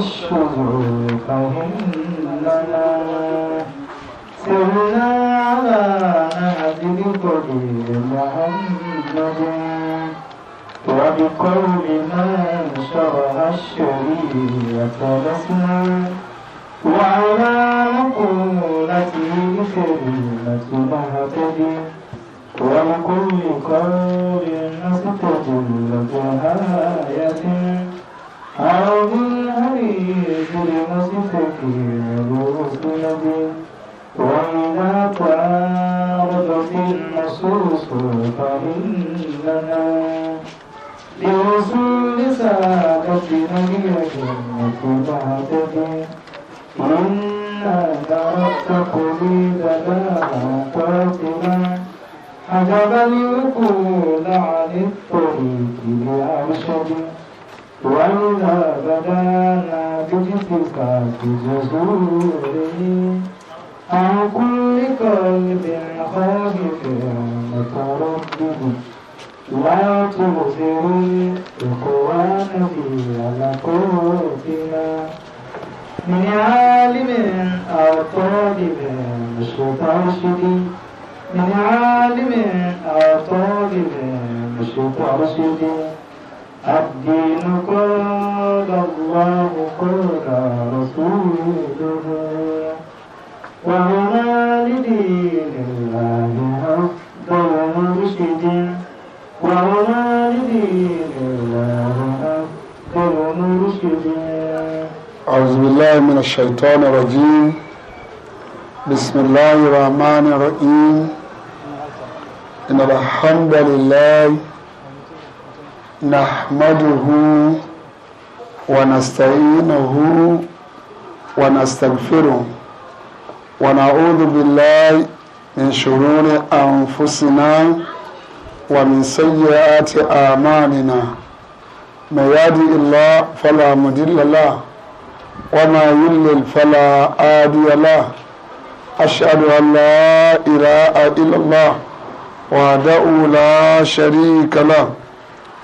الشرور فهم لنا سرنا على نهج قبيل محمد وبقول من شرع الشريعة لسنا وعلى مقولته كلمة مهتدي ولكل قول نستدل بآية أو عجبا يكون عن الطريق لا أرشد وإذا بدانا بجدك بجسوره عن كل قلب خائف متردد لا تبصر الإخوان في ملكوتنا من عالم أو طالب مسترشد من عالم أو طالب مسترشد الدين قال الله قال رسوله وهنا لدين الله أفضل مرشد وهنا لدين الله أفضل مرشد أعوذ بالله من الشيطان الرجيم بسم الله الرحمن الرحيم إن الحمد لله نحمده ونستعينه ونستغفره ونعوذ بالله من شرور أنفسنا ومن سيئات أعمالنا من يهدي الله فلا مضل له وما يضلل فلا هادي له أشهد أن لا إله إلا الله وحده لا شريك له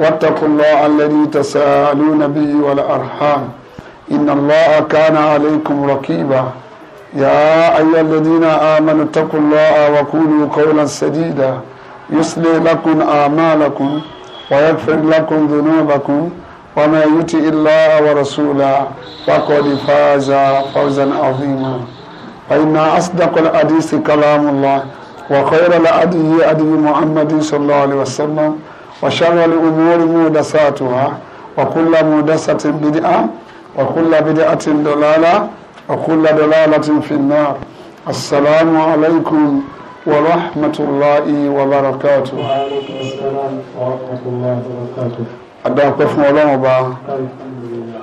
واتقوا الله الذي تساءلون به والأرحام إن الله كان عليكم رقيبا يا أيها الذين آمنوا اتقوا الله وقولوا قولا سديدا يصلي لكم أعمالكم ويغفر لكم ذنوبكم ومن يطع الله ورسوله فقد فاز فوزا عظيما فإن أصدق الحديث كلام الله وخير الهدي هدي محمد صلى الله عليه وسلم وشر الأمور مودساتها وكل مودسة بدعة وكل بدعة ضلالة وكل ضلالة في النار السلام عليكم ورحمة الله وبركاته وعليكم السلام ورحمة الله وبركاته adáàpẹ́ fún ọlọ́run ọba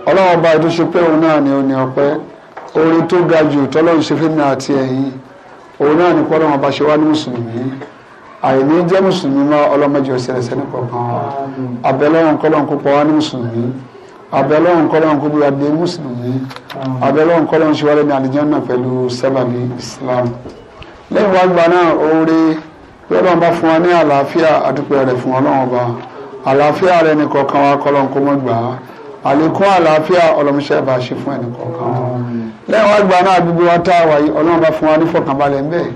ọlọ́run ọba ètò ṣe pé òun náà ni òní ọpẹ́ orin tó ga jù tọ́lọ́run ṣe fún mi àti ẹ̀yin òun náà ni kọ́ ọlọ́run ọba ṣe wá ní mùsùlùmí àìní jẹ́ mùsùlùmí mọ́ ọlọ́mọdé ọ̀sẹ̀lẹ̀sẹ̀ ní kọ̀ọ̀kan wa abẹ́lẹ́wọ̀n kọ́lọ́n kó pọ̀ wá ní mùsùlùmí abẹ́lẹ́wọ̀n kọ́lọ́n kó búra dé mùsùlùmí abẹ́lẹ́wọ̀n kọ́lọ́n ṣe wọlé ní àlìjánná pẹ̀lú sábàbí Islam lẹ́yìn wá gba náà oore bí ọlọ́run bá fún wa ní àlàáfíà àdúpẹ́ rẹ̀ fún ọlọ́run ọba àlàáfíà rẹ̀ ní kọ̀ọ̀kan wa kọ́lọ́n kó mọ́ gbà á àlékún àlàáfíà ọlọ́mọṣẹ́ bá ṣe fún ẹnì kọ̀ọ̀kan lẹ́yìn wá gba náà gbogbo wa tá a wà yìí ọlọ́run bá fún wa ní fọkànbalẹ̀ ń bẹ́ẹ̀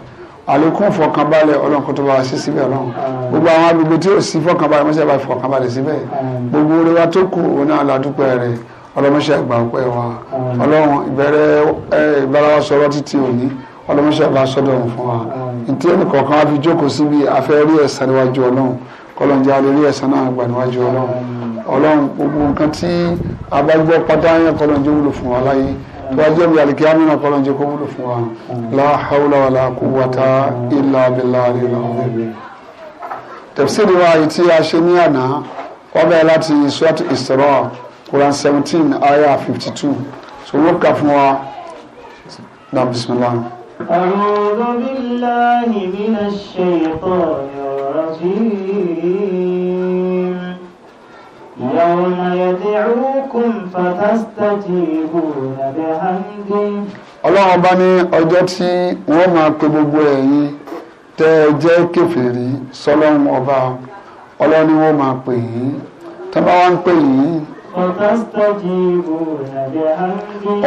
àlékún fọkànbalẹ̀ ọlọ́run kó tó bá wa sí síbẹ̀ ọlọ́run gbogbo àwọn agbègbè tí ò sí fọkànbalẹ̀ mọ́ṣẹ́ bá fọkànbalẹ̀ síbẹ̀ gbogbo orí wa tó kù òun náà la dúpẹ́ rẹ̀ ọlọ́mọṣẹ́ àgbà ọpẹ́ wa ọlọ́run ìbẹ̀rẹ̀ ìbárawa sọ̀rọ̀ títí òní ọlọ́mọṣẹ́ àgbà sọ́dọ̀ ọ̀hún fún wa ìtí ẹnì kọ̀ọ̀kan á fi jókòó síbi àfẹ́ rí ẹ̀san níwájú ọlọ́run kọlọ́njẹ́ alẹ́ rí ẹ̀san náà gbà níwájú ọlọ́run ọlọ́run gbogbo nǹkan tí abágbọ́ pátá yẹn tọ́jọ́ bí alìkíyà nínú ọ̀pọ̀lọ́ jẹ́ kó wúlò fún wa la hawla wala quwwata illa billahi al-azim. tafsiri wa yìí tí a ṣe ní àná wọ́n bẹ̀rẹ̀ láti surat Isra Quran seventeen ayah fifty so wọ́n fún wa náà bismillah. أعوذ بالله من الشيطان الرجيم يوم يدعوكم فتستجيبون بحمده ọlọ́run bá ní ọjọ́ tí wọ́n máa pe gbogbo ẹ̀yin tẹ́ ẹ jẹ́ kèfèrí sọlọ́run ọba ọlọ́run ni wọ́n máa pè yín tẹ́ bá wá ń pè yín.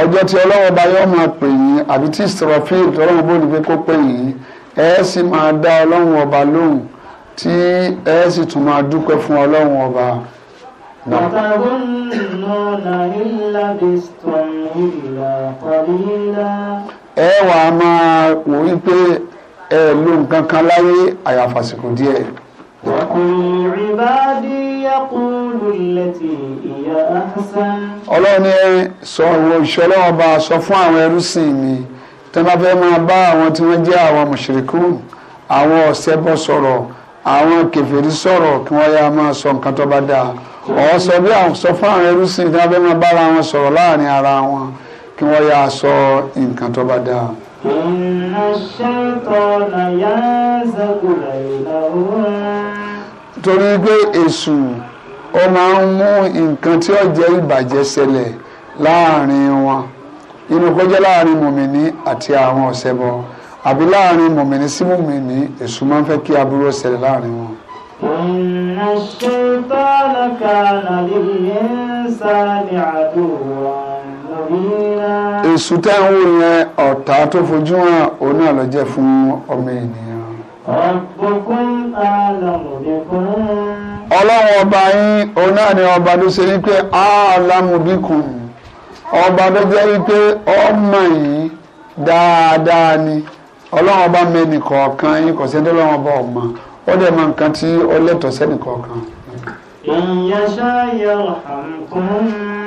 ọjọ́ tí ọlọ́run ọba yóò máa pè yín àbí tí Israfil ọlọ́run bó ní pé kó pè yín ẹ sì máa dá ọlọ́run ọba lóhùn tí ẹ sì tún máa dúpẹ́ fún ọlọ́run ọba. وتظنون إن لبثتم إلا قليلا ẹ wà á máa wò ó pé ẹ lo nǹkan kan láyé àyàfàsìkò díẹ̀. وقل عبادي يقول التي هي أحسن. ọlọ́run ni ẹ sọ fún àwọn ẹrú sìn mi tẹ́ bá fẹ́ máa bá àwọn tí wọ́n jẹ́ àwọn mùṣírikù àwọn ọ̀sẹ̀ bọ́ sọ̀rọ̀ àwọn kèfèrí sọ̀rọ̀ kí wọ́n yá máa sọ nǹkan tó bá dáa ọ̀ sọ bí àwọn sọ fún àwọn ẹrú sí ní abẹ́ máa bára wọn sọ̀rọ̀ láàrin ara wọn kí wọ́n yáa sọ nǹkan tó bá dáa. torí pé èṣù ó máa ń mú nǹkan tí ó jẹ́ ìbàjẹ́ ṣẹlẹ̀ láàrin wọn inú kó jẹ́ láàrin mùmìnì àti àwọn ọ̀sẹ̀ bọ̀ àbí láàrin mùmìnì sí mùmìnì èṣù máa ń fẹ́ kí aburú ṣẹlẹ̀ láàrin wọn. إن الشيطان كان للإنسان عدوا ń wò yẹn ọ̀tá tó fojú hàn òun náà jẹ́ fún ọmọ ènìyàn. ọlọ́run ọba yín òun náà ni ọba tó ṣe wípé alámùbíkùn ọba ló jẹ́ wípé ọmọ yìí dáadáa ni ọlọ́run ọba mẹ́nìkọ̀ọ̀kan yín kò ọba ó dẹ̀ mọ nǹkan tí ó lẹ́tọ̀ọ́ sẹ́nìkọ̀ọ̀kan.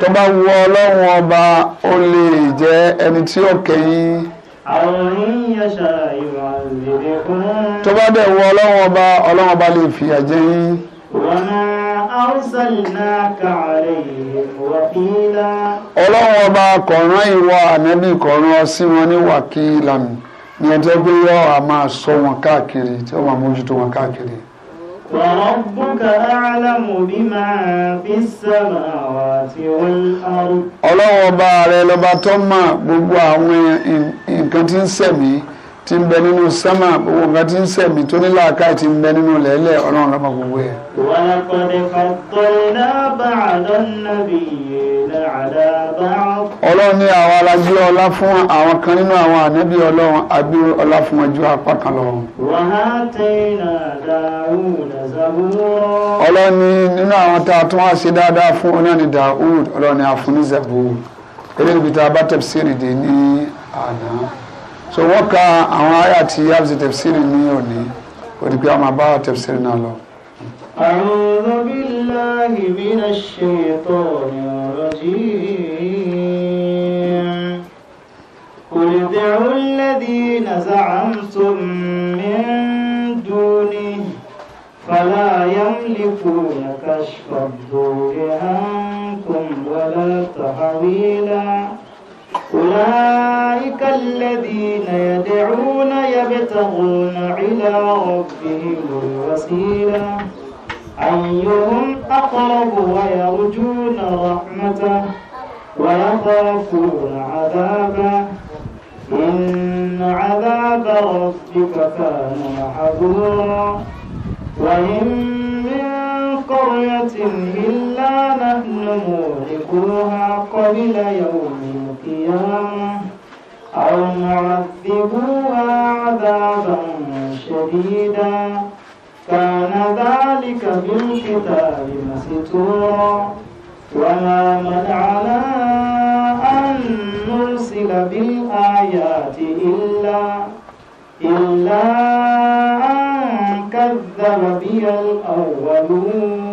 tó bá wu ọlọ́run ọba ó lè jẹ́ ẹni tí ó kẹ́yìn. tó bá dẹ̀ wu ọlọ́run ọba ọlọ́run ọba lè fìyà jẹ yín. ọlọ́run ọba kọ̀ọ̀rán ìwà ànẹ́bí kọ̀ọ̀rán sí wọn ní wàkílà mi ní ẹni tó gbé yọ a máa sọ wọn káàkiri tí ó máa mójútó wọn káàkiri. ọlọ́wọ́ ọba rẹ lọ́ba tó mọ̀ gbogbo àwọn nǹkan tí ń sẹ̀mí tí ń bẹ nínú sẹ́mà gbogbo nǹkan tí ń sẹ̀mí tó ní làákàyè tí ń bẹ nínú lẹ́lẹ̀ ọlọ́run lọ́mọ gbogbo ẹ̀. ọlọ́run ní àwọn alájú ọlá fún àwọn kan nínú àwọn ànábì ọlọ́run àbí ọlá fún wọn ju apá kan lọ. ọlọ́run ní nínú àwọn tá a tún wá ṣe dáadáa fún oní àni Dawud ọlọ́run ní àfúnizẹ̀bù eléyìí bí tá a bá ní àná so wọ́n ka àwọn ayé àti yabsi tafsiri ní òní òdìgbé àwọn àbá tafsiri náà lọ. أعوذ بالله من الشيطان الرجيم قل ادعوا الذين زعمتم من دونه فلا يملكون كشف الضر عنكم ولا تحويلا أولئك أولئك الذين يدعون يبتغون إلى ربهم الوسيلة أيهم أقرب ويرجون رحمته ويخافون عذابه إن عذاب ربك كان محظورا وإن من قرية إلا نحن مهلكوها قبل يوم القيامة أو معذبوها عذابا شديدا كان ذلك بالكتاب مسطورا وما منعنا أن نرسل بالآيات إلا إلا أن كذب بها الأولون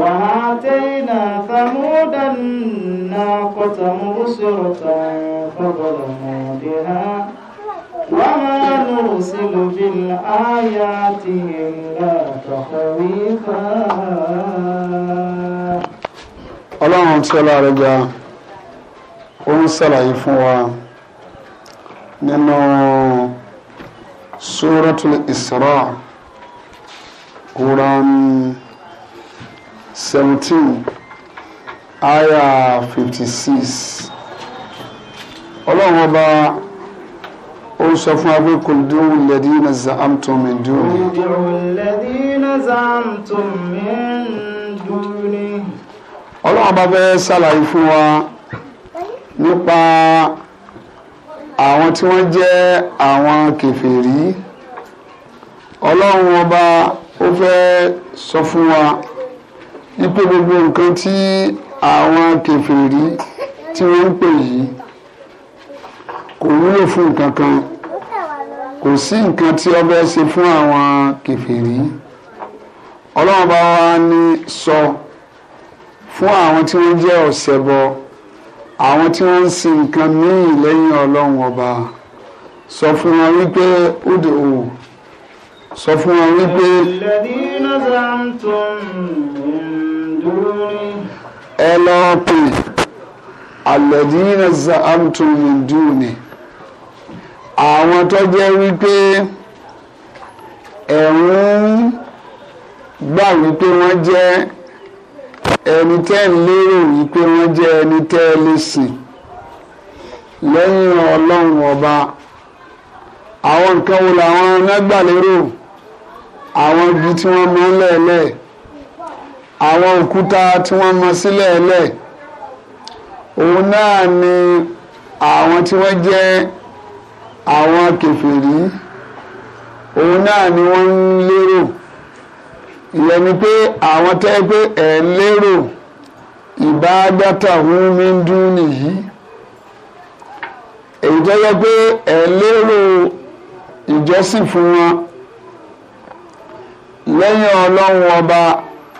وآتينا ثمود الناقة مبصرة فظلموا بها وما نرسل بالآيات إلا تخويفا ọlọ́run tí ọlọ́run ga ó ń ṣàlàyé fún wa nínú suratul Isra Quran seventeen aya fifty six ọlọ́run ọba ó sọ fún abẹ́ kò dúró lẹ́dí iná zaamtum mi dúró. ọlọ́run ọba fẹ́ ṣàlàyé fún wa nípa àwọn tí wọ́n jẹ́ àwọn kèfèrí ọlọ́run ọba ó fẹ́ sọ fún wa ipe gbogbo nǹkan tí àwọn kèfèrí tí wọ́n ń pè yìí kò wúlò fún nǹkan kan kò sí nǹkan tí ọbẹ̀ ṣe fún àwọn kèfèrí ọlọ́run bá wá ní sọ fún àwọn tí wọ́n jẹ́ ọ̀ṣẹbọ àwọn tí wọ́n ń sin nǹkan míì lẹ́yìn ọlọ́run ọba sọ fún wọn wípé ó dè sọ fún wọn wípé. alladhina lop alẹ́dínlẹ́ zahamtum min duni àwọn tó jẹ́ wípé ẹ̀rún gbà wípé wọ́n jẹ́ ẹni tẹ́ ń lérò wípé wọ́n jẹ́ ẹni tẹ́ lè sìn lẹ́yìn ọlọ́run ọba àwọn nǹkan wo làwọn nágbà lérò àwọn ibi tí wọ́n mú lẹ́ẹ̀lẹ́ẹ̀ àwọn òkúta tí wọ́n mọ sílẹ̀ lẹ̀ òun náà ni àwọn tí wọ́n jẹ́ àwọn kèfèrí òun náà ni wọ́n ń lérò ìyẹn ni pé àwọn tẹ́ pé ẹ̀ ń lérò ìbádátà hun mi ń dún nìyí èyí tó yẹ pé ẹ̀ ń lérò ìjọsìn fún wọn lẹ́yìn ọlọ́run ọba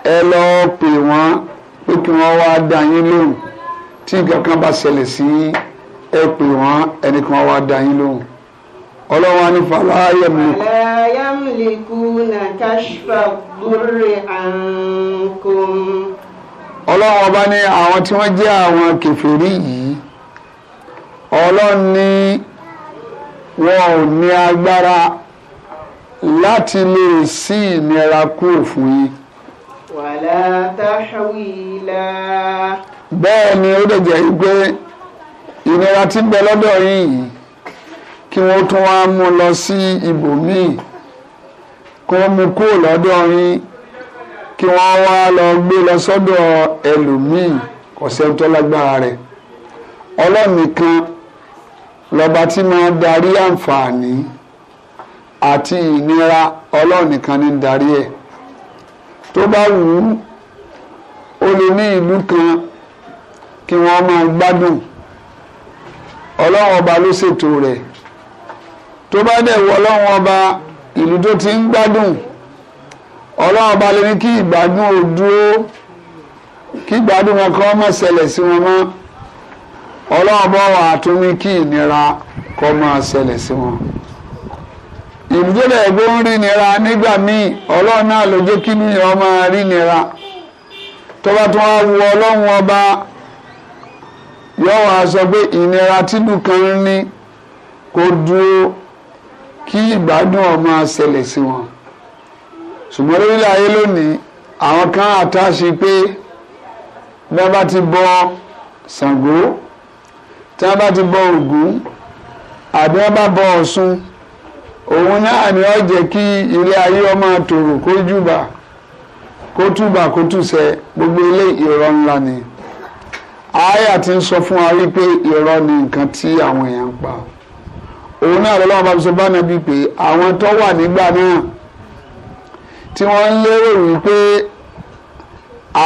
ẹ lọ́ọ́ pè wọ́n pé kí wọ́n wá dá yín lóhùn tí nǹkan kan bá ṣẹlẹ̀ sí ẹ pè wọ́n ẹni kí wọ́n wá dá yín lóhùn ọlọ́wọ́n á ní fàlà yẹmùlẹ̀. fàlà yẹmùlẹ̀ kú nà káṣfà búrẹ̀ àǹkùn. ọlọ́wọ́n ọba ní àwọn tí wọ́n jẹ́ àwọn kèfèrí yìí ọlọ́run ní wọn ò ní agbára láti lè sí ìnira kúrò fún yín wàlá tahwila. bẹ́ẹ̀ ni ó dẹ̀ jẹ́ wípé ìnira tí ń bẹ lọ́dọ̀ yìí kí wọ́n tún wá mú lọ sí ibòmíì kó mú kúrò lọ́dọ̀ yín kí wọ́n wá lọ gbé lọ sọ́dọ̀ ẹlòmíì kò tó lágbára rẹ̀ ọlọ́run lọ́ba tí máa darí àǹfààní àti ìnira ọlọ́run ní darí ẹ̀. E tó bá wù ú ó lè ní ìlú kan kí wọ́n máa gbádùn ọlọ́run ló ṣètò rẹ̀ tó bá dẹ̀ wọ ìlú tó ti ń gbádùn ọlọ́run ọba lè ní kí ìgbádùn ò dúró kí ìgbádùn wọn kọ́ mọ̀ ṣẹlẹ̀ sí wọn mọ́ ọlọ́run ọba wà á tún wọn. ìmújẹ́lẹ̀ ẹ̀gbọ́ ń rí nira nígbà míì ọlọ́run náà ló jẹ́ kí nìyẹn ọmọ rí nira tó bá tún wá wu ọlọ́run ọba yóò wá sọ pé ìnira tínú kan ní kó dúró kí ìgbádùn ọmọ ṣẹlẹ̀ sí wọn ṣùgbọ́n lórílẹ̀ ayé lónìí àwọn kan àtàṣe pé bí wọ́n bá ti bọ Ṣàngó tí wọ́n bá ti bọ Ògún àbí wọ́n bá bọ Ọ̀ṣun òun náà ni ó jẹ́ kí ilé ayé ọmọ tòrò kó júbà kó túbà kó túṣẹ gbogbo ilé irọ́ ńlá ni àyà ti ń sọ fún wa wípé irọ́ ni nǹkan tí àwọn èèyàn ń pa òun náà lọ́wọ́ bá sọ bánà bíi pé àwọn tó wà nígbà náà tí wọ́n ń lérò wípé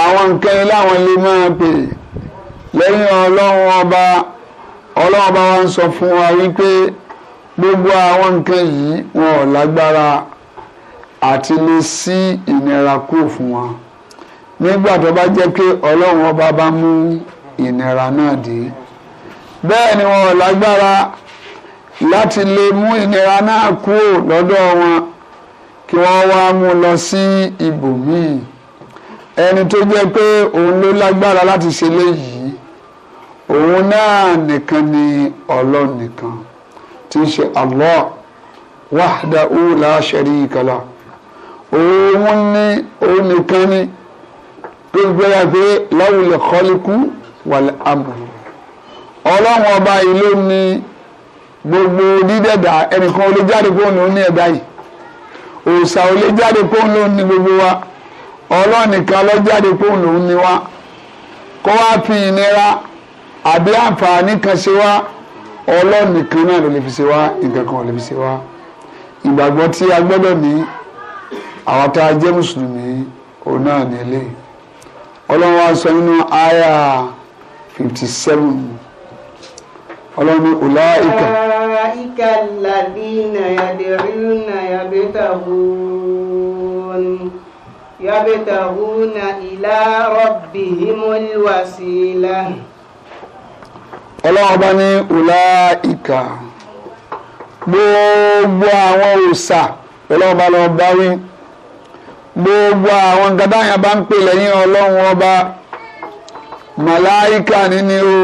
àwọn nǹkan láwọn lè máa pè lẹ́yìn ọlọ́run ọba ọlọ́run ọba wa ń sọ fún wa wípé gbogbo àwọn nǹkan yìí wọn ò lágbára àti lè sí ìnira kúrò fún wa nígbà tó bá jẹ́ pé ọlọ́run ọba bá mú ìnira náà dé bẹ́ẹ̀ ni wọn ò lágbára láti lè mú ìnira náà kúrò lọ́dọ̀ wọn kí wọ́n wá mú lọ sí ibòmíì ẹni tó jẹ́ pé òun ló lágbára láti ṣe léyìí òun náà nìkan ni ọlọ́run nìkan tí ń ṣe Allah wahdahu la sharika lah òun ní òun nìkan ní tó ń gbéra pé láwùlẹ̀ kọ́líkù wal amr ọlọ́run ọba yìí ló ní gbogbo dídẹ̀dà ẹnìkan olè kó òun ní ẹ̀dá yìí òòsà olè kó òun ní gbogbo wa ọlọ́run nìkan ló kó òun ní wa kó wá fi ìnira àbí àǹfààní kan ṣe wá ọlọ́run nìkan náà ló lè fi ṣe wá nǹkan kan ò lè fi ṣe wá ìgbàgbọ́ tí a gbọ́dọ̀ ní àwọn tá a jẹ́ mùsùlùmí òun náà ní ilé ọlọ́run wa sọ nínú àyà fifty seven ọlọ́run ọ̀là ìkà. ìkà ladina yad'una yabtahun yabtahuna ila rabbihimul wasila ọlọ́run bá ní ọ̀la ìkà gbogbo àwọn òòṣà ọlọ́run bá lọ́ọ́ bá wí gbogbo àwọn gadáyàn bá ń pè lẹ́yìn ọlọ́run ọba màláìkà níní o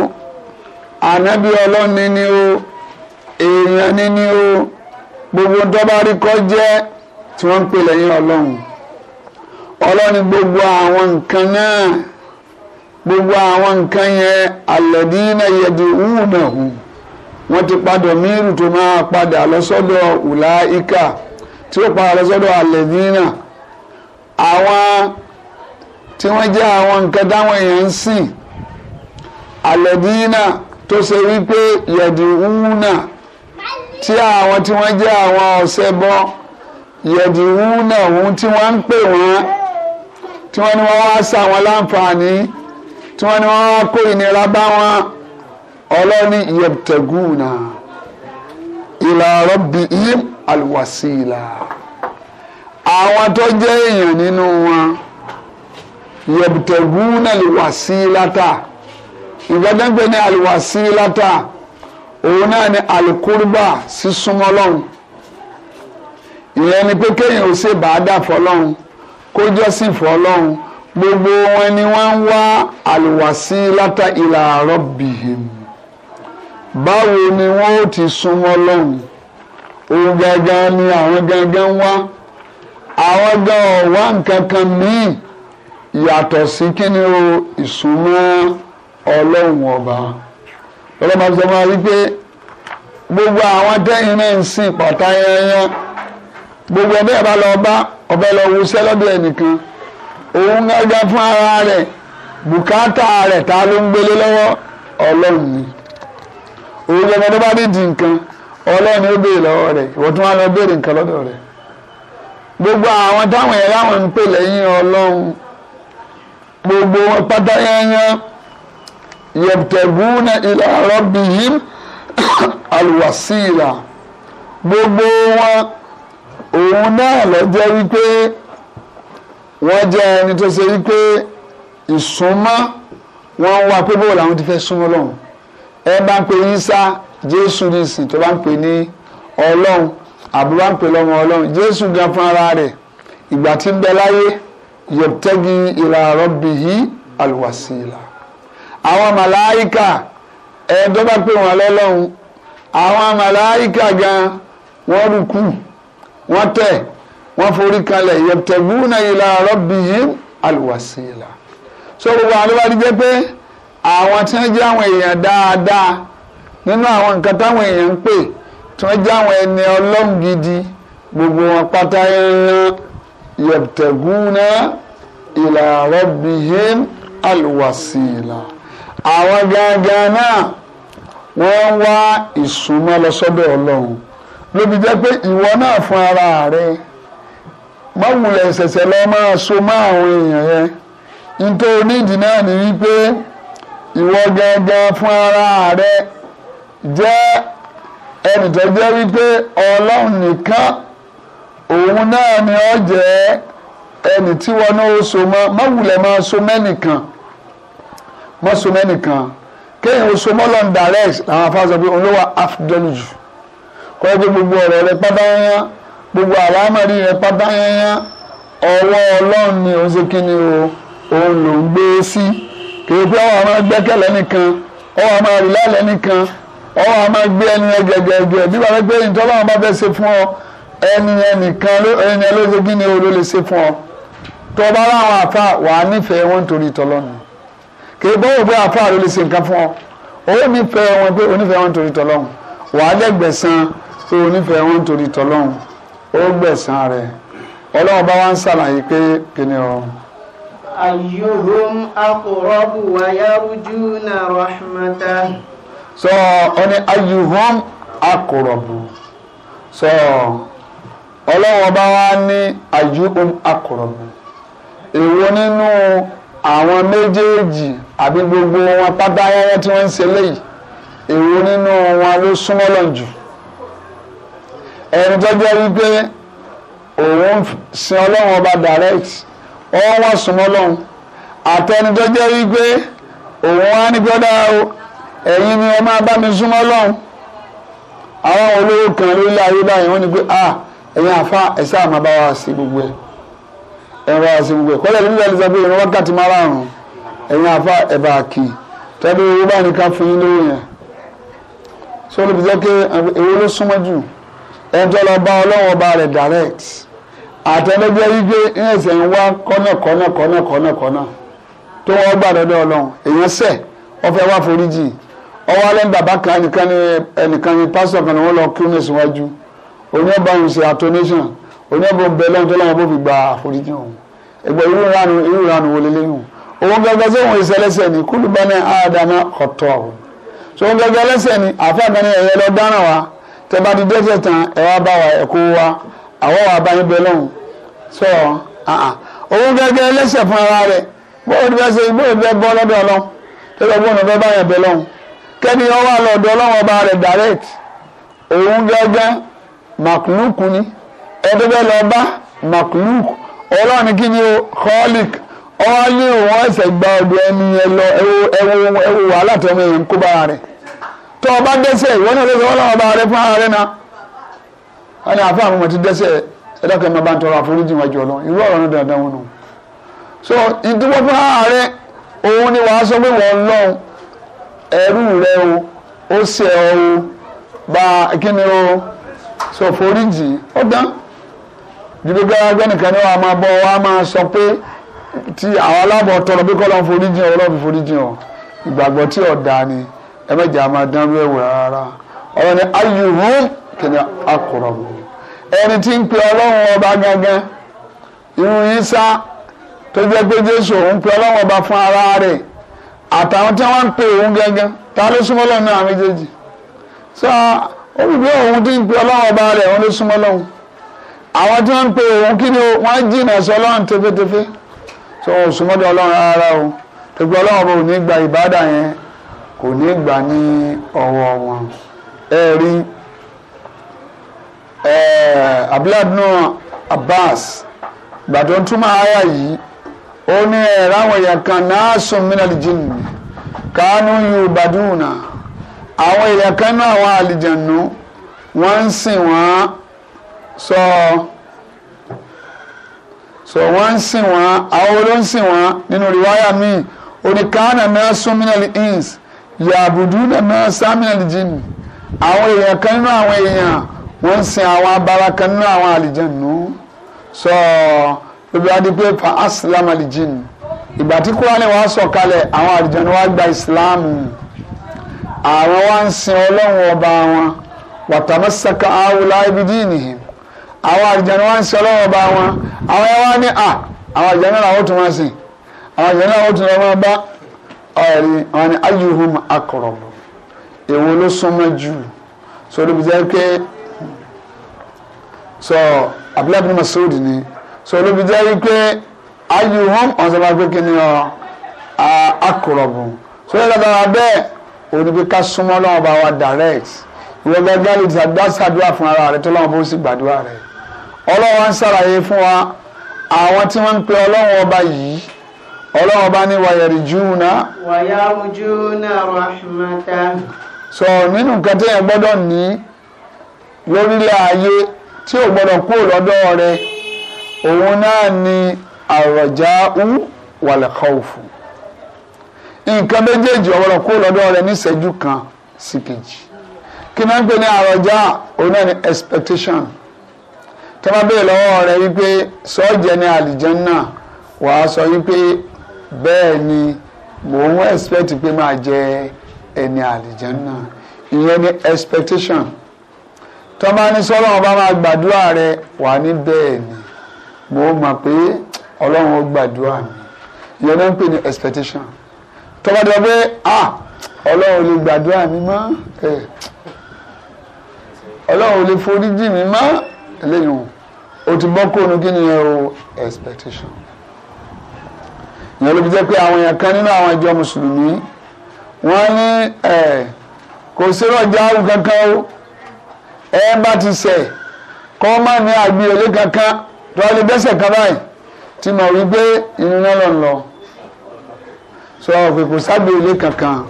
ànábì ọlọ́run níní o èèyàn níní o gbogbo dọ́bárí jẹ́ tí wọ́n ń pè lẹ́yìn ọlọ́run ọlọ́run gbogbo àwọn nǹkan náà gbogbo àwọn nǹkan yẹn alẹ́dínà yẹdi wúnà hù wọ́n ti padà mírù tó máa padà lọ́sọ́dọ̀ ùláìkà tí ó padà lọ́sọ́dọ̀ alẹ́dínà àwọn tí wọ́n jẹ́ àwọn nǹkan táwọn èèyàn ń sìn alẹ́dínà tó ṣe wípé yẹdi wúnà tí àwọn tí wọ́n jẹ́ àwọn ọ̀sẹ̀ bọ́ yẹdi wúnà hù tí wọ́n ń pè wọ́n tí wọ́n ní wọ́n wá sá wọn láǹfààní tí wọ́n ní wọ́n kó ìnira bá wọn ọlọ́ni yẹ̀bùtẹ̀gùnà ìlà rọ́bì yìm àlùwàsílà àwọn tó jẹ́ èèyàn nínú wọn yẹ̀bùtẹ̀gùnà àlùwàsílàtà ìgbàdàgbẹ́ ní àlùwàsílàtà òun náà ni àlùkùrúbà sísúnmọ́ lọ́hùn ìyẹn ni pé kéèyàn ó ṣe bàádà fọlọ́hùn kó jọ́sìn fọlọ́hùn. gbogbo wọn ni wọ́n ń wá àlùwàsílátà ìlà rabbihim báwo ni wọn ó ti súnmọ́ lọ́hùn òun gangan ni àwọn gangan wá àwọn gan ọ̀wá nǹkan kan míì yàtọ̀ sí kíni o ìsúnmọ́ ọlọ́hùn ọba ọlọ́mọ sọ fún wa wípé gbogbo àwọn tẹ́yìn náà ń sìn pàtàkì ẹyẹ gbogbo ọbẹ̀ yẹn bá lọ bá ọbẹ̀ lọ wúṣẹ́ lọ́dọ̀ ẹnìkan. òun gángan fún ara rẹ̀ bùkátà rẹ̀ ta ló ń gbélé lọ́wọ́ ọlọ́run ni òun gángan tó bá dé di nǹkan ọlọ́run ó béèrè lọ́wọ́ rẹ̀ ìwọ́n tún wá lọ béèrè nǹkan lọ́dọ̀ rẹ̀ gbogbo àwọn táwọn ẹ̀rọ àwọn ń pè lẹ́yìn ọlọ́run gbogbo wọn pátá yányán yẹ̀bùtẹ̀gúnà ila rabbihim alwasila gbogbo wọn òun náà lọ jẹ́ wípé wọ́n jẹ́ ẹni tó ṣe wípé ìsúnmọ́ wọ́n ń wá pé bó làwọn ti fẹ́ súnmọ́ lọ́hùn ẹ bá ń pè ní sá jésù ní ìsìn tó bá ń pè ní ọlọ́run àbúrò bá ń pè lọ́mọ ọlọ́run jésù gan fún ara rẹ̀ ìgbà tí ń bẹ láyé yọ̀tẹ́gi ìlà rọ́bìhì àlùwàsílà àwọn màláìkà ẹni tó bá pè wọ́n lọ́lọ́run àwọn màláìkà gan wọ́n rúkú wọ́n tẹ̀ wọ́n forí kalẹ̀ yabtaguna ila rabbihim alwasila so gbogbo àwọn lọ́wọ́ adigun pé àwọn tí wọ́n jẹ́ àwọn èèyàn dáadáa nínú àwọn nǹkan táwọn èèyàn ń pè tí wọ́n jẹ́ àwọn ẹni ọlọ́run gidi gbogbo wọn pátá ẹran yabtaguna ila rabbihim alwasila àwọn gangan náà wọ́n wá ìsúnmọ́ lọ sọ́dọ̀ ọlọ́run lóbi jẹ́ pé ìwọ náà fún ara rẹ̀ mọ́wùlẹ̀ ṣẹ̀ṣẹ̀ lọ máa so mọ́ àwọn èèyàn yẹn nítorí nídìí náà ni wípé ìwọ gẹ́gẹ́ fún ara rẹ jẹ́ ẹnì tó jẹ́ wípé ọlọ́run nìkan òun náà ni ọ jẹ́ ẹnì tí wọn náà so mọ́ mọ́wùlẹ̀ máa so mẹ́nìkan mọ́ so mẹ́nìkan kéèyàn so mọ́ lọ́n direct làwọn afáàzọ pé òun ló jù kọ́ ẹgbẹ́ gbogbo ọ̀rọ̀ rẹ pátáyán gbogbo àlámọ̀rí yẹn pátá ọwọ́ ọlọ́run ni òun ṣe kíni o òun ló ń gbé sí kìí pé ọwọ́ àmọ́ gbẹ́kẹ̀lé nìkan ọwọ́ àmọ́ rìlálẹ̀ nìkan ọwọ́ àmọ́ gbé ẹni yẹn gẹ̀gẹ̀gẹ̀ bí wàá gbé ìtọ́ ọlọ́run bá fẹ́ ṣe fún ọ ẹni yẹn nìkan ẹni yẹn ló ṣe kíni o ló lè ṣe fún ọ tó o bá láwọn àfa wàá nífẹ̀ẹ́ wọn torí tọlọ́run kìí bọ́ òwe àfa ló lè ṣe nǹkan fún ọ òun nífẹ̀ẹ́ wọn pé onífẹ̀ẹ́ wọn torí tọlọ́run wàá dẹ́gbẹ̀sán pé onífẹ̀ẹ́ wọn torí tọlọ́run ó gbẹ̀san rẹ̀ ọlọ́run bá wá ń ṣàlàyé pé kíni o. ayyuhum aqrabu wa na rahmatah. sọ ọ ní ayyuhum aqrabu sọ ọlọ́run bá wá ní ayyuhum aqrabu èwo nínú àwọn méjèèjì àbí gbogbo wọn pátá ayẹyẹ tí wọ́n ń ṣe léyìí èwo nínú wọn ló súnmọ́ lọ́njù. ẹni tó jẹ́ wípé òun sin ọlọ́run ọba direct ọwọ́ wọn súnmọ́ ọlọ́run àtẹni tó jẹ́ wípé òun á ní gbọ́dá o ẹ̀yin ni ẹ máa bá mi súnmọ́ ọlọ́run àwọn olówó kan lórílẹ̀ ayé báyìí wọ́n ní pé ah ẹ̀yin àfa ẹ̀sẹ̀ àmọ́ bá wa sí gbogbo ẹ̀ ẹ̀rọ àti gbogbo ẹ̀ kọ́lẹ̀ nígbà tí sọ pé ìrìn wákàtí márùn-ún ẹ̀yin àfa ẹ̀bà kì í tọ́jú owó báyìí ká fún yín lówó yẹn sọ́ọ́ lóbi ẹni tó lọ bá ọlọ́wọ́ bá rẹ̀ direct àtẹlẹgbẹ́ wípé ní ẹsẹ̀ ń wá kọ́nà kọ́nà kọ́nà kọ́nà kọ́nà tó wọ́n gbà dọ́dọ̀ ọlọ́run èèyàn ṣẹ̀ ọfẹ́ wá foríjì ọwọ́ alẹ́ ní bàbá kan ẹnìkan ní ẹnìkan ní pásítọ̀ kan ní wọ́n lọ kí ní ìsúnwájú òní ọba òun ṣe àtonation òní ọba òun bẹ lọ́run tó lọ́wọ́ bó fi gba àforíjì òun ẹgbẹ́ irú ìranu irú ìranu wo lélẹ́ òun gẹ́gẹ́ sí òun ìṣẹlẹ́sẹ̀ ni kúlùbọ́n ní àádáná ọ̀tọ̀ òun gẹ́gẹ́ lẹ́sẹ̀ ni àfẹ́ tẹ́ bá ti dẹ́sẹ̀ tán ẹ wá bá wa ẹ̀kọ́ wa àwọ̀ wa bá yín bẹ lọ́hùn sọ òun gẹ́gẹ́ ẹlẹ́sẹ̀ fún ara rẹ̀ bóòdù bẹ́ẹ̀ ṣe bóòdù bẹ́ẹ̀ bọ́ lọ́dọ̀ ọlọ́hun tó lọ bóòdù bẹ́ẹ̀ bá yẹn bẹ lọ́hùn kẹ́ni ọ wà lọ́dọ̀ ọlọ́hun ọba rẹ̀ direct òun gẹ́gẹ́ makuluku ni ẹni bẹ́ẹ̀ lọ bá makuluku ọlọ́run kí ni o kọ́ọ́lìkì ọwọ́ ní òun ẹ̀sẹ̀ gba ọ̀dọ̀ ẹni yẹn lọ ẹwọ wàhálà tó ń kó bára rẹ̀ tó o bá dẹ́sẹ̀ ìwọ náà lọ́sọ̀rọ̀ ọlọ́run ọba rẹ fún ara rẹ náà wọn ni àfa àwọn ti dẹ́sẹ̀ ẹ̀dọ́kẹ́ máa bá ń tọrọ àforíjì wájú ọlọ́run irú ọ̀rọ̀ náà dandan wọn nù. so ìdúró fún ara òun ni wàá sọ pé wọ́n lọ́n ẹrú rẹ o ó ṣe ọ o bá kíni o sọ foríjì ó dán jùlọ bí arágbẹ́ nìkan ni wọ́n á máa bọ́ wọ́n á máa sọ pé tí àwọn aláàbọ̀ tọrọ pé kọ́ lọ́n foríjì ọ ọlọ́run foríjì ọ ìgbàgbọ́ tí ọ̀ dáa ni ẹ má jà máa dánwó ẹ̀wò rárá ọ̀rọ̀ ni ayuhum kìíní akọ̀rọ̀bù ẹni tí ń pe ọlọ́run ọba gangan irú Ìsá tó jẹ́ pé Jésù òun pe ọlọ́run ọba fún ara rẹ̀ àtàwọn tí wọ́n ń pe òun gangan ta ló súnmọ́ lọ́run náà méjèèjì sọ ó òun tí ń pe ọlọ́run ọba rẹ̀ òun ló súnmọ́ lọ́run àwọn tí wọ́n ń pe òun kí ni wọ́n jìnnà sí ọlọ́run tefetefe sọ òun súnmọ́ ọlọ́run rárá o tó pe ọlọ́run ọba ò ní gba ìbádà yẹn kò ní gbà ní ọwọ́ wọn ẹ rí abúládùnú Abbas gbàdọ̀ ń túmọ̀ ara yìí ó ní ẹ̀rọ àwọn èèyàn kan náà sùn mínàlì jìnnì kánú yorùbá dùnà àwọn èèyàn kan náà àwọn àlìjànú wọ́n ń sìn wọ́n sọ sọ wọ́n ń sìn wọ́n àwọn olóńsìn wọ́n nínú rìwáyà míì oníkàánà náà sùn mínàlì ins yàbùdú náà samuel jim àwọn èèyàn kan nínú àwọn èèyàn wọ́n ń sin àwọn abara kan nínú àwọn àlìjẹ̀nù sọ lóbi adé pé fa asilam àlìjìn ìgbà tí kúránì wá sọ̀kalẹ̀ àwọn àlìjẹ̀nù wá gba ìsìláàmù àwọn wá ń sin ọlọ́run ọba wọn wàtàmásàkà àwòlá ibi díìnì àwọn àlìjẹ̀nù wá ń sin ọlọ́run ọba wọn àwọn ẹ̀ wá ní à àwọn àlìjẹ̀nù làwọn tún wá sìn àwọn àlìjẹ̀nù làwọn tún lọ́ ọ̀rí wọn ni ayuhum akọ̀rọ̀ èwo ló súnmọ́ jù so ló fi jẹ́ pé so abdullahi bin masoud ni so ló fi jẹ́ pé ayuhum ọ̀sán máa gbé kí ni ọ akọ̀rọ̀ bù so yẹ lọ́dọ̀ bẹ́ẹ̀ òní pé ká súnmọ́ lọ́wọ́ bá wa direct ìwọ gbẹgbẹ lè ṣàdúrà fún ara rẹ tó lọ́wọ́ bó sì gbàdúrà rẹ ọlọ́wọ́ ń ṣàlàyé fún wa àwọn tí wọ́n ń pe ọlọ́wọ́ ọba yìí ọlọ́run bá ní wàyẹ̀rì júùnà. wàyà júùnà rahmata. sọ nínú nǹkan tí yẹn gbọ́dọ̀ ní lórílẹ̀ ayé tí ò gbọ́dọ̀ kúrò lọ́dọ̀ rẹ òun náà ni àrọ̀já ú wàlẹ̀kọ́ọ̀fù nǹkan méjèèjì ọ̀gbọ́dọ̀ kúrò lọ́dọ̀ rẹ níṣẹ́jú kan sí kejì kí náà ń pè ní àrọ̀já òun náà ni expectation tí wọ́n lọ́wọ́ rẹ wípé sọ́ọ̀jẹ́ ní àlìjẹ́ náà wàá sọ wípé bẹ́ẹ̀ ni mò ń expect pé máa jẹ ẹni àlìjẹ́nà ìyẹn ni expectation tọ́ba ní sọ́lọ́ ọba máa gbàdúrà rẹ wà ní bẹ́ẹ̀ ni mò ń mọ̀ pé ọlọ́run ó gbàdúrà mi ìyẹn ló ń pè ní expectation tọ́ba dọ̀ pé ah ọlọ́run lè gbàdúrà mi mọ́ ọlọ́run lè foríjì mi mọ́ eléyìí o ti bọ́ kóònù kí ni o expectation ìyẹn ló fi jẹ́ pé àwọn èèyàn kan nínú àwọn ìjọ mùsùlùmí wọ́n ní ẹ̀ kò sírọ̀ jáàrú kankan o ẹ bá ti sẹ̀ kọ́ má ní àgbìyẹlé kankan tó a lè bẹ́sẹ̀ kan báyìí tí mo rí pé ìrìn náà lọ lọ sọ pé kò ságbìyẹlé kankan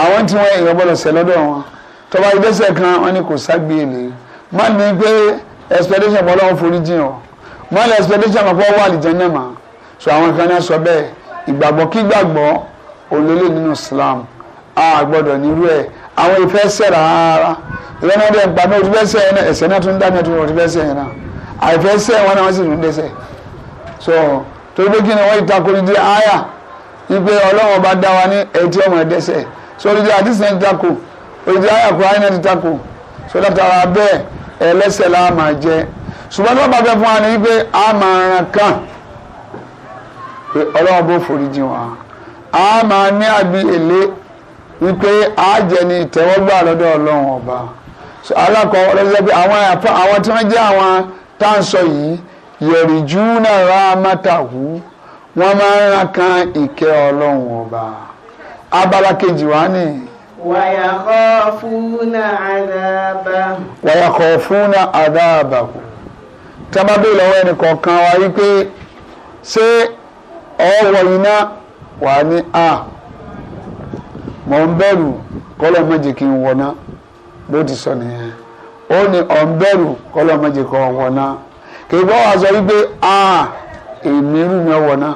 àwọn tí wọ́n èèyàn gbọ́dọ̀ sẹ̀ lọ́dọ̀ wọn tó bá rí bẹ́sẹ̀ kan wọ́n ní kò ságbìyẹlé má ní pé expedition bọ́lá wọn forí jìn ọ́ má ní expedition bọ́lá wọn wà lìjẹ́ náà mà so àwọn kan náà sọ bẹ́ẹ̀ ìgbàgbọ́ kí gbàgbọ́ olólè nínú Islam a gbọ́dọ̀ nírú ẹ̀ àwọn ìfẹ́ ṣẹ̀ rárá ìfẹ́ náà dẹ̀ ń pa náà òtúfẹ́sẹ̀ yẹn náà ẹ̀sẹ̀ náà tún dání ẹ̀tún òtúfẹ́sẹ̀ yẹn náà àìfẹ́sẹ̀ wọn náà wọ́n sì tún dẹ́sẹ̀ so torí pé kí ni wọ́n ìtakùrú di àyà ipe Ọlọ́run ọba dá wa ní ẹtí ọmọ ẹ̀dẹ́sẹ̀ so olùdí àdìsí náà ti takò olùdí àyà kò àyà náà ti takò so látara bẹ́ẹ̀ ẹlẹ́sẹ̀ la máa jẹ ṣùgbọ́n tí wọ́n bá fẹ́ fún wa ní wípé a máa ràn kàn pé ọlọ́run bó foríjì wọn a máa ní àbí èlé wípé a jẹ ní ìtẹ́wọ́gbà lọ́dọ̀ ọlọ́run ọba alákọ̀ọ́ ọlọ́sẹ̀ pé àwọn àwọn tí wọ́n jẹ́ àwọn tá à ń sọ yìí yẹ̀rìjú náà ra mátàwù wọ́n máa ń rán kan ìkẹ́ ọlọ́run ọba abala kejì wá ní. wàyà kọ́ fúnà àdáàbà. wàyà kọ́ fúnà àdáàbà. tí a bá bèèrè lọ́wọ́ ẹnì kọ̀ọ̀kan wa wípé ṣé ọwọ́ iná wà ní a mọ̀ ń bẹ̀rù kọ́lọ́ méjì kí n wọná bó ti sọ nìyẹn ó ní ọ̀ ń bẹ̀rù kọ́lọ́ méjì kọ́ wọná kì í bọ́ wá sọ wípé a èmi rú mi wọná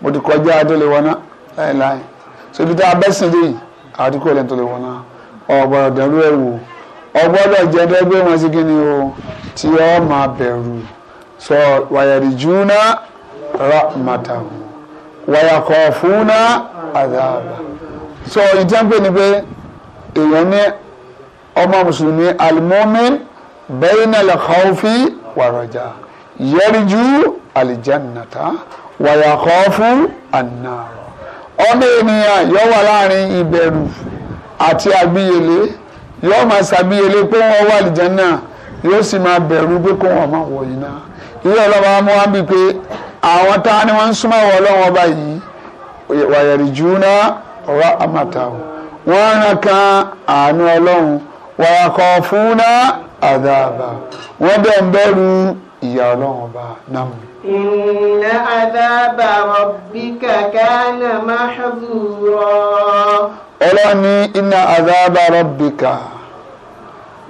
mo ti kọjá adólè wọná láéláé so ibi tá a bẹ́sìn dé yìí àdúgbò ẹlẹ́ni tó lè wọná ọ̀gbọ̀dọ̀ dẹ̀rú ẹ̀ wò ọgbọ́dọ̀ jẹ́ dẹ́gbẹ́ wọn sí kí ni o tí ọ máa bẹ̀rù sọ wàyẹ̀rì júná rahmatahu wàyàkọ̀ fúnà àdàbà so ìjàngbé ni pé èèyàn ní ọmọ mùsùlùmí alimọ́mí bẹ́ẹ̀nàlẹ̀ kọ́ọ̀fì wàrọ̀jà yẹ́rìjú àlìjánnàtà wàyàkọ̀ fún ànàrọ̀ ọmọ ènìyàn yọ wà láàrin ìbẹ̀rù àti àbíyèlé yóò máa ṣàbíyèlé pé wọ́n wà àlìjánnà yóò sì máa bẹ̀rù pé kó wọ́n máa wọ̀ yìí náà ilé ọlọ́wọ́ amúhábí pé àwọn tá a ní wọ́n ń súnmọ́ ìwọ ọlọ́run ọba yìí wàyẹ̀rì júná ọ̀rọ̀ àmàtà o wọ́n rán kan àánú ọlọ́run wàyàkọ̀ fúnná àdáàbà wọ́n bẹ̀ ń bẹ̀rù ìyá ọlọ́run ọba náà. Inna adhaba rabbika kana mahdura. Ọlọ́run ní inna adhaba rabbika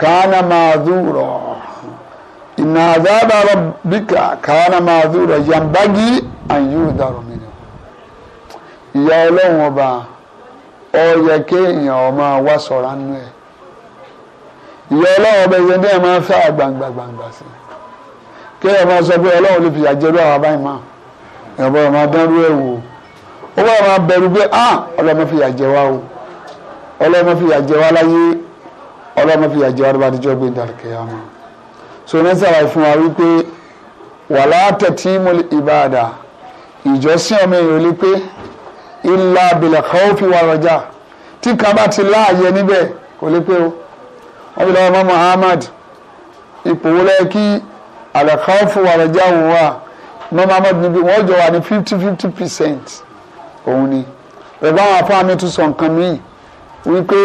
kana mahdura ìnà àdáàbà rabbika kana ma'dura yambagi àyùdàrọ̀ mi nìyẹn. ìyá ọlọ́run ọba ó yẹ kéèyàn ọmọ wa sọ̀rọ̀ nínú ẹ̀ ìyá ọlọ́run ọba ẹ̀yẹ náà máa ń fẹ́ àgbàǹgbà gbàǹgbà sí i kéèyàn máa sọ pé ọlọ́run ló fi àjẹrú àwọn abáyìí máa ẹ̀rọ máa dánrú ẹ̀ wò ó wọ́n máa bẹ̀rù pé ah ọlọ́run fi àjẹ wá o ọlọ́run fi àjẹ wá láyé ọlọ́run fi àjẹ wá ló bá ti gbé dàrúkẹ́ yá máa so ní sábà fún wa wípé wàlá tẹ̀tí mo lè ìbáàdà ìjọsìn ọmọ èèyàn lè pé ilà abìlẹ̀ kan ó fi wà rọjà tí kan bá ti láàyè níbẹ̀ kò lè pé o wọ́n fi lọ́wọ́ Muhammad ipò wọlé kí àlẹ́kọ́ fún wà rọjà wò wá Muhammad níbi wọ́n jọ wà ní fifty fifty percent òun ni pẹ̀lú àwọn afáàmì tún sọ nǹkan míì wípé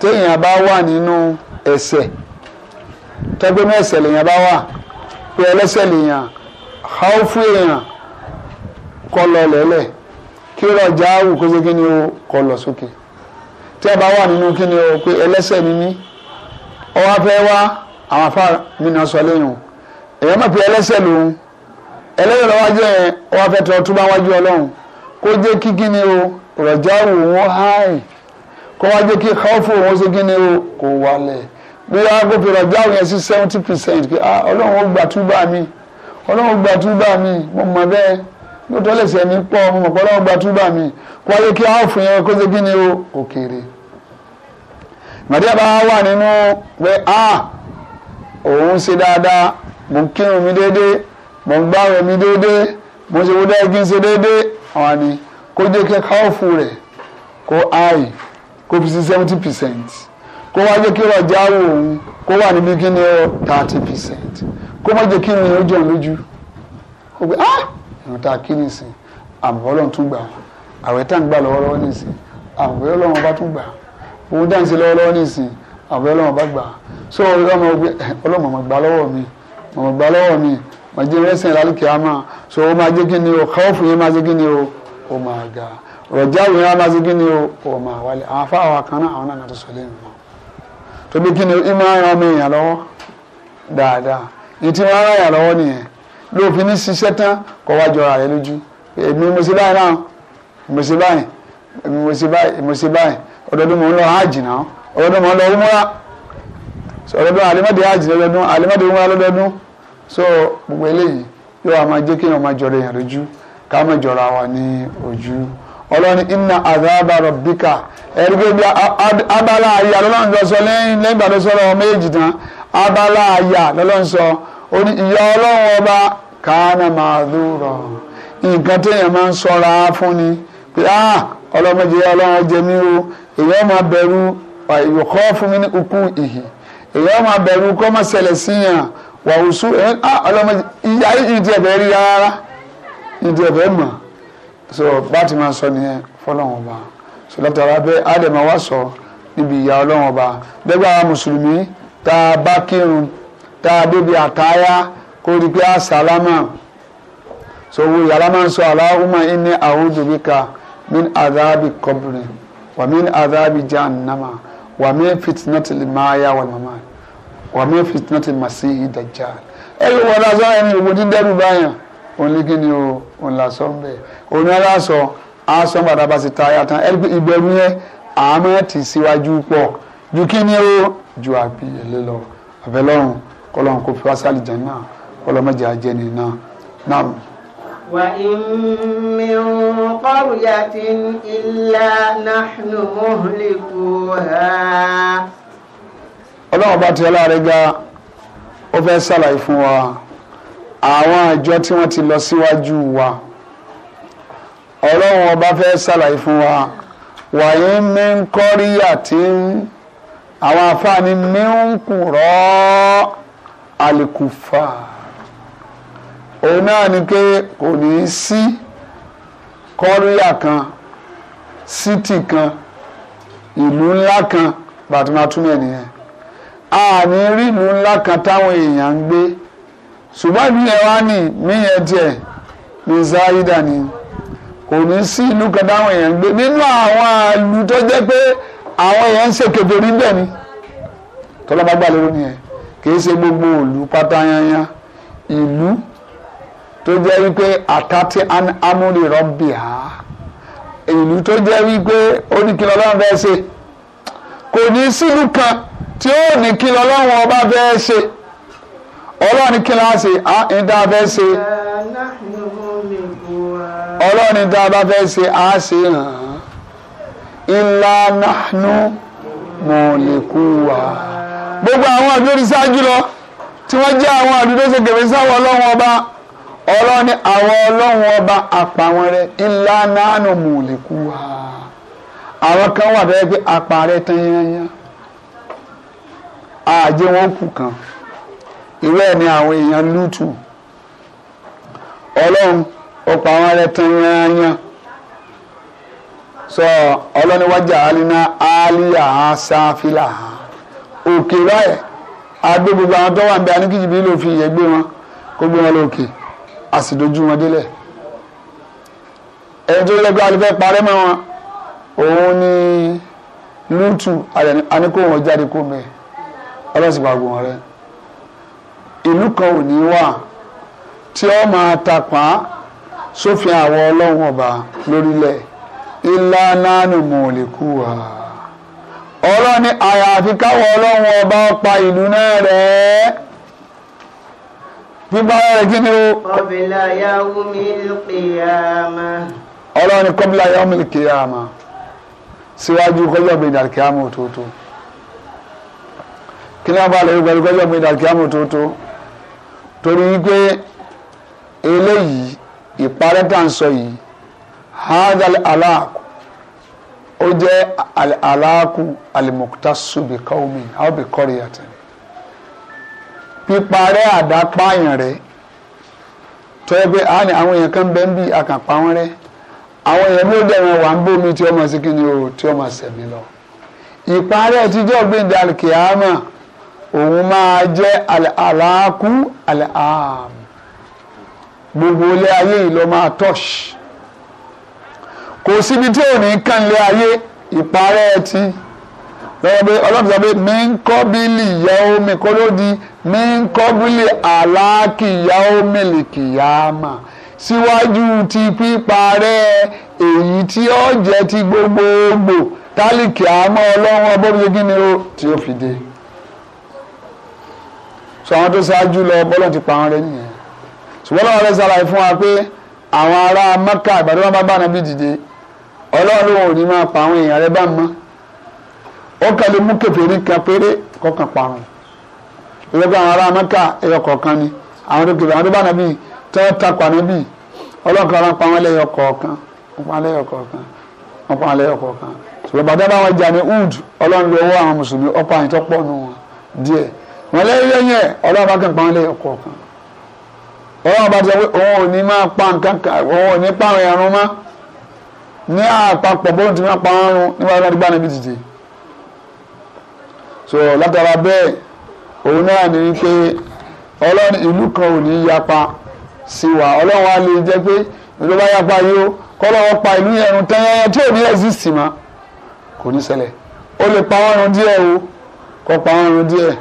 téèyàn bá wà nínú ẹ̀ṣẹ̀ tẹ́gbẹ́ náà ẹ̀ṣẹ̀ lèèyàn bá wà pé ẹlẹ́ṣẹ̀ lèèyàn háó fún èèyàn kọ́ lọ lẹ́lẹ̀ kí rọ̀jà áwù kó ṣe kí ni o kọ́ lọ sókè tí a bá wà nínú kí ni o pé ẹlẹ́ṣẹ̀ ni mí ọwọ́ wá àwọn afá mi náà sọ lẹ́yìn o èèyàn mọ̀ pé ẹlẹ́ṣẹ̀ lòun ẹlẹ́ṣẹ̀ lọ́wọ́ jẹ́ ọwọ́ fẹ́ tọ́ túbọ̀ wájú ọlọ́run kó jẹ́ kí kí ni o rọ̀jà áwù wọn háì kó wá jẹ́ kí káwọ́fù wọn ṣe kí ni o kò wálẹ̀ bóyá kó fi rọ̀já yẹn sí seventy percent pé ah ọlọ́run ó gbà túbà mi ọlọ́run gbà túbà mi mo mọ̀ bẹ́ẹ̀ mo tọ́ lè sẹ́mi pọ̀ mo mọ̀ pé ọlọ́run gbà túbà mi kó ayé kí á fún yẹn kó ṣe kí ni o òkèèrè. màdí àbá wà nínú pé ah òun ṣe dáadáa mo ń kírun mi déédéé mo ń gbààwẹ̀ mi déédéé mo ṣe wo dáa kí n ṣe déédéé àwọn ni kó jẹ́ kí ká ọ̀fù rẹ̀ kó áì kó fi sí seventy percent kó wá jẹ́ kí ọjà wò òun kó wà níbi kí ni ó thirty percent kó má jẹ́ kí ni ó jọ lójú kó gbé ah ìrìn tá a kí ni sìn àmọ́ ọlọ́run tún gbà àwẹ̀ tá ń gbà lọ́wọ́lọ́wọ́ ní sìn àwẹ̀ ọlọ́run bá tún gbà òun dá ń ṣe lọ́wọ́lọ́wọ́ ní sìn àwẹ̀ ọlọ́run bá gbà so ọlọ́run mọ̀mọ́ eh, gbà lọ́wọ́ mi mọ̀mọ́ gbà lọ́wọ́ mi màá jẹ́ rẹ́sìn lálùkì àmà so ó máa jẹ́ kí ni o káwọ́fù yẹn máa jẹ́ kí ni o ó máa ga rọ̀jà yẹn máa jẹ́ kí ni o ó máa wálé àwọn afáwọn kan àwọn náà tó sọ lẹ́nu mọ́ torí kí ni ìmọ̀ ara ọmọ èèyàn lọ́wọ́ dáadáa ìtì wọn ara èèyàn lọ́wọ́ nìyẹn lóòfin ní ṣiṣẹ́ tán kọ́ wá jọra rẹ lójú èmi mo ṣe báyìí náà mo ṣe báyìí èmi mo ṣe báyìí mo ṣe báyìí ọdọọdún mo ń lọ hajj ọdọọdún mo ń lọ umra ọdọọdún alimọdé hajj lọdọọdún alimọdé umra lọdọọdún so gbogbo eléyìí yóò wá máa jẹ́ kéèyàn máa jọra èèyàn lójú ká máa jọra wa ní ojú ọlọ́ni inna azaba rabbika ẹ̀rúgbé bí abala àyà lọ́lọ́run lọ sọ lẹ́yìn lẹ́yìn ìgbà tó sọ̀rọ̀ méjì tán abala àyà lọ́lọ́run sọ ó ní ìyá ọlọ́run ọba kàánà màdúrà nǹkan téèyàn máa ń sọ̀ra fún ni pé ah ọlọ́mọdé ọlọ́run jẹ mí o èyàn máa bẹ̀rù ìyókọ́ fún mi ní ukú ìhì èyàn máa bẹ̀rù kọ́ máa ṣẹlẹ̀ síyàn wàhùsù ah, ẹ̀ ah ọlọ́mọdé ìyá ìdí ẹ̀bẹ̀ rí rárá ìdí ẹ̀bẹ̀ mọ̀ so pati máa sọ nìyẹn fọlọ́wọ́n ọba so látara bẹ́ẹ̀ àdèmà wá sọ níbi ìyá ọlọ́wọ́n ọba dẹ́gbẹ́ àwọn mùsùlùmí tá a bá kírun tá a débi àtáyá kó rí pé a sàlámà so wo yàrá máa ń sọ aláwùmá inni a'udhu bika min adábi kọ́bùrì wà min adábi jahannama wà min fitnatil maya wal mamati wà min fitnatil masihi dajjal ẹ ló wọlé azọ́ ẹni òwò dídẹ́rù báyàn onígíní o òun La sọ bẹ́ẹ̀ òun náà lásọ aṣọ gbàdá bá ti ta ayá tán ẹgbẹ́ ìbẹ̀rù yẹn àmọ́ tì síwájú pọ̀ ju kíni o ju àbí èlé lọ àbẹ̀lọ́run kọlọ́run kò fi wá sí àlìjánnà kọlọ́mọjà jẹ́ni náà náà. وإن من قرية إلا نحن مهلكوها ọlọ́run bá ti ọlá rẹ̀ ga àwọn àjọ tí wọ́n ti lọ síwájú wa ọlọ́run ọba fẹ́ ṣàlàyé fún wa wàyí mi ń kọ́rí àti àwọn àfáàní mi ń kùrọ́ àlìkùfà òun náà ni pé kò ní í sí kọ́ríà kan sítì kan ìlú ńlá kan bàtúmátúmẹ̀ nìyẹn a ní rí ìlú ńlá kan táwọn èèyàn ń gbé ṣùgbọ́n ìlú yẹn wá ní níyẹn tiẹ̀ ní záyídà ni kò ní sí ìlú kan táwọn èèyàn ń gbé nínú àwọn àlù tó jẹ́ pé àwọn èèyàn ń ṣe kékeré bẹ́ẹ̀ ni tọ́lábàgbà lérò nìyẹn kìí ṣe gbogbo ìlú pátáyányá ìlú tó jẹ́ wípé àtàtì amúlè rọ́bì á ìlú tó jẹ́ wípé ó ní kí lọ́lọ́run fẹ́ ṣe kò ní sílùú kan tí ó ní kí lọ́lọ́run ọba fẹ́ ṣe ọlọ́run kí la ṣe à ń dá a fẹ́ ṣe ọlọ́run dá a bá fẹ́ ṣe à ṣe hàn ilá nánú mọ̀lẹ́kù wa. gbogbo àwọn àdúró ti ṣáájú lọ tí wọ́n jẹ́ àwọn àdúró ṣe kẹfẹ́ sáwọn ọlọ́run ọba ọlọ́ni àwọn ọlọ́run ọba àpàwọn rẹ ńlá nánú àwọn kan wà bẹ́ẹ̀ pé àpàrẹ tán yányán àjẹ kù kan irú ni àwọn èèyàn lútù ọlọ́run ọ̀pọ̀ àwọn arẹ tán yányán sọ ọlọ́ni wájà alina aliya sáfìlà òkè báyẹ̀ agbé gbogbo àwọn tó wà níbẹ̀ aníkìjìbí ló fi ìyẹn gbé wọn kó gbé wọn lókè a sì dojú wọn délẹ̀ ẹni tó lẹ́gbẹ́ alẹ́ parẹ́ mọ́ wọn òun ni lútù aníkó jáde kó mẹ́ ọlọ́sìn pàgọ́ wọn rẹ̀ ìlú kan ò ní wà tí ó máa tapá sófin àwọn ọlọ́run ọba lórílẹ̀ ilá nánú mọ̀lẹ́kù wà. ọlọ́run ní àyàfi káwọ ọlọ́run ọba pa ìlú náà rẹ̀ bíbá rẹ̀ kí ni o. kọ́bílà yàwó mi kìyàmá. ọlọ́run ní kọ́bílà yàwó mi kìyàmá síwájú kọjọ́ bíi dàkíyàmá òtótó kí ni wọ́n bá lè gbẹ̀rù kọjọ́ bíi dàkíyàmá òtótó. torí wípé eléyìí ìparẹ́ tá à ń sọ yìí hadal alaaku ó jẹ́ alaaku alimokutasu bi kaumi how be kọ́ri àtẹ píparẹ́ àdápáyàn rẹ̀ tọ́yẹ pé a ní àwọn èèyàn kan bẹ́ẹ̀ ń bí akànpá wọn àwọn èèyàn ló dẹ̀ wọn wà ń bómi tí wọ́n máa ṣe kí ni o tí wọ́n máa ṣẹ̀mí lọ ìparẹ́ tíjọ́ gbẹ̀dẹ̀ alikiyama. òun máa jẹ́ àlàákú àlàám gbogbo ilé ayé yìí ló máa tọ́ṣ kò síbi tí ò ní kàn lé ayé ìparẹ́ ti lọ́wọ́bí ọlọ́run sọ pé mi ń kọ́ bílì ìyá omi kó ló di mi ń kọ́ bílì àlákì ìyá omi lìkìyàmà síwájú ti píparẹ́ èyí tí ó jẹ́ ti gbogbogbò tálíkì àmọ́ ọlọ́run ọbọ̀ gbígbín ni ó tí ó fi dé. so àwọn tó ṣáájú lọ bọ́lọ̀ ti pa àwọn rẹ nìyẹn ṣùgbọ́n lọ́wọ́ rẹ ṣàlàyé fún wa pé àwọn ará Mẹ́kà ìbàdàn bá bá nàbí dìde Ọlọ́run ò ní máa pa àwọn èèyàn rẹ bá mọ́ ó kàn lè mú kan péré kọkàn pa àwọn àwọn ará ẹyọ kọ̀ọ̀kan ni àwọn tó kèfèrí àwọn tó bá nàbí nàbí kan pa wọn lẹ́yọ kọ̀ọ̀kan wọn lẹ́yìn yẹn ọlọ́run bá kàn pa wọn lé ọkọ̀ kan ọlọ́run bá sọ pé òun ò ní máa pa nǹkan kan òun ò ní pa àwọn ẹ̀rún mọ́ ní àpapọ̀ bóun ti máa pa wọn rún nígbà tó gbá níbi dìde so látara bẹ́ẹ̀ òun náà ní pé ọlọ́run ìlú kan ò ní yapa sí wa ọlọ́run á lè jẹ́ pé ìjọba yapa yìí ó kọ́lọ́wọ́ pa ìlú yẹn rún tẹ́yẹ́yẹ́ tí ò ní exist mọ́ kò ní ṣẹlẹ̀ ó lè pa wọn rún díẹ̀ o kọ́ pa wọn rún díẹ̀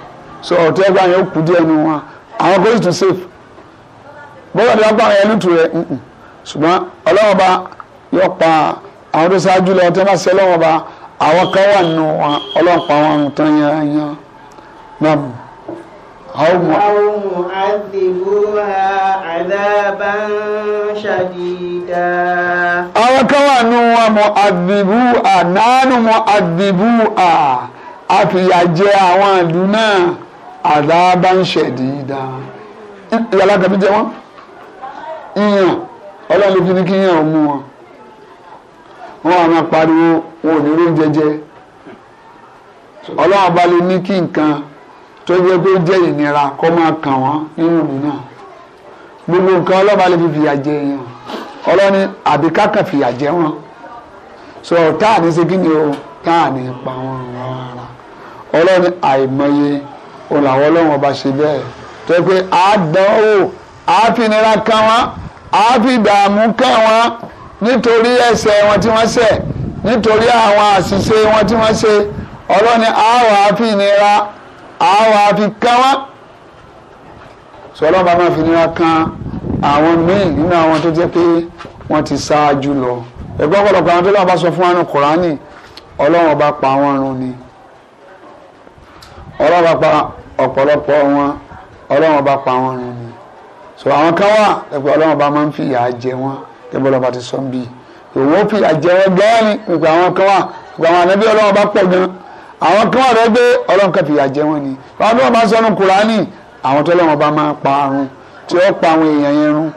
so ọ̀tọ́ ẹgbẹ́ yẹn ó kú díẹ̀ nu wọn àwọn kò to save. safe bọ́lá ni wọ́n pa àwọn yẹn lùtù rẹ̀ ṣùgbọ́n ọlọ́wọ́n bá yọ pa àwọn tó ṣáájú lọ tí wọ́n bá ṣe ọlọ́wọ́n bá àwọn kan wà nù wọn ọlọ́wọ́n pa àwọn àrùn tán yẹn yẹn náà mú. أو معذبوها عذابا شديدا àwọn kan wà nù wọn mu'adhibuha nánú mu'adhibuha a fìyà jẹ àwọn àdábá ń ṣẹ̀dí dáa ìyá jẹ wọn ìyàn ọlọ́run ní kí ìyàn ọmú wọn wọn àwọn apariwo wọn ò ní ró jẹjẹ ọlọ́run lè ní kí nǹkan tó jẹ́ kó jẹ ìnira kó kàn nínú ìlú náà gbogbo nǹkan lè fi fìyà jẹ èèyàn àbí fìyà jẹ wọn sọ táà o táà ní pa wọn rárá àìmọye. òun làwọn ọlọ́run ọba ṣe bẹ́ẹ̀ tó pé àádánwò àáfinira kan wọn àáfìdààmú kan wọn nítorí ẹ̀ṣẹ̀ wọn tí wọ́n ṣẹ̀ nítorí àwọn àṣìṣe wọn tí wọ́n ṣe ọlọ́ni àárọ̀ àfinira àárọ̀ àfikán wọn sọlọ́ba máa finira kan àwọn míì nínú àwọn tó jẹ́ pé wọ́n ti ṣáájú lọ ẹ̀gbọ́n ọ̀pọ̀lọpọ̀ àwọn tó lọ́wọ́ bá sọ fún wa ní Kùránì ọlọ́run ọba pa wọ́n run ni ọlọ́run bá pa ọ̀pọ̀lọpọ̀ wọn ọlọ́run bá pa wọn rìn ni so àwọn kan wà ẹgbẹ́ ọlọ́run bá máa ń fìyà jẹ wọn ẹgbẹ́ ọlọ́run bá ti sọ ń bí òun ó fìyà jẹ wọn gan ni nípa àwọn kan wà nípa àwọn ànábí ọlọ́run bá pọ̀ gan àwọn kan wà lẹ́gbẹ́ ọlọ́run kan fìyà jẹ wọn ni àwọn tó wọn bá ń sọnù kùránì àwọn tó ọlọ́run bá máa pa àrùn tí ó pa àwọn èèyàn yẹn run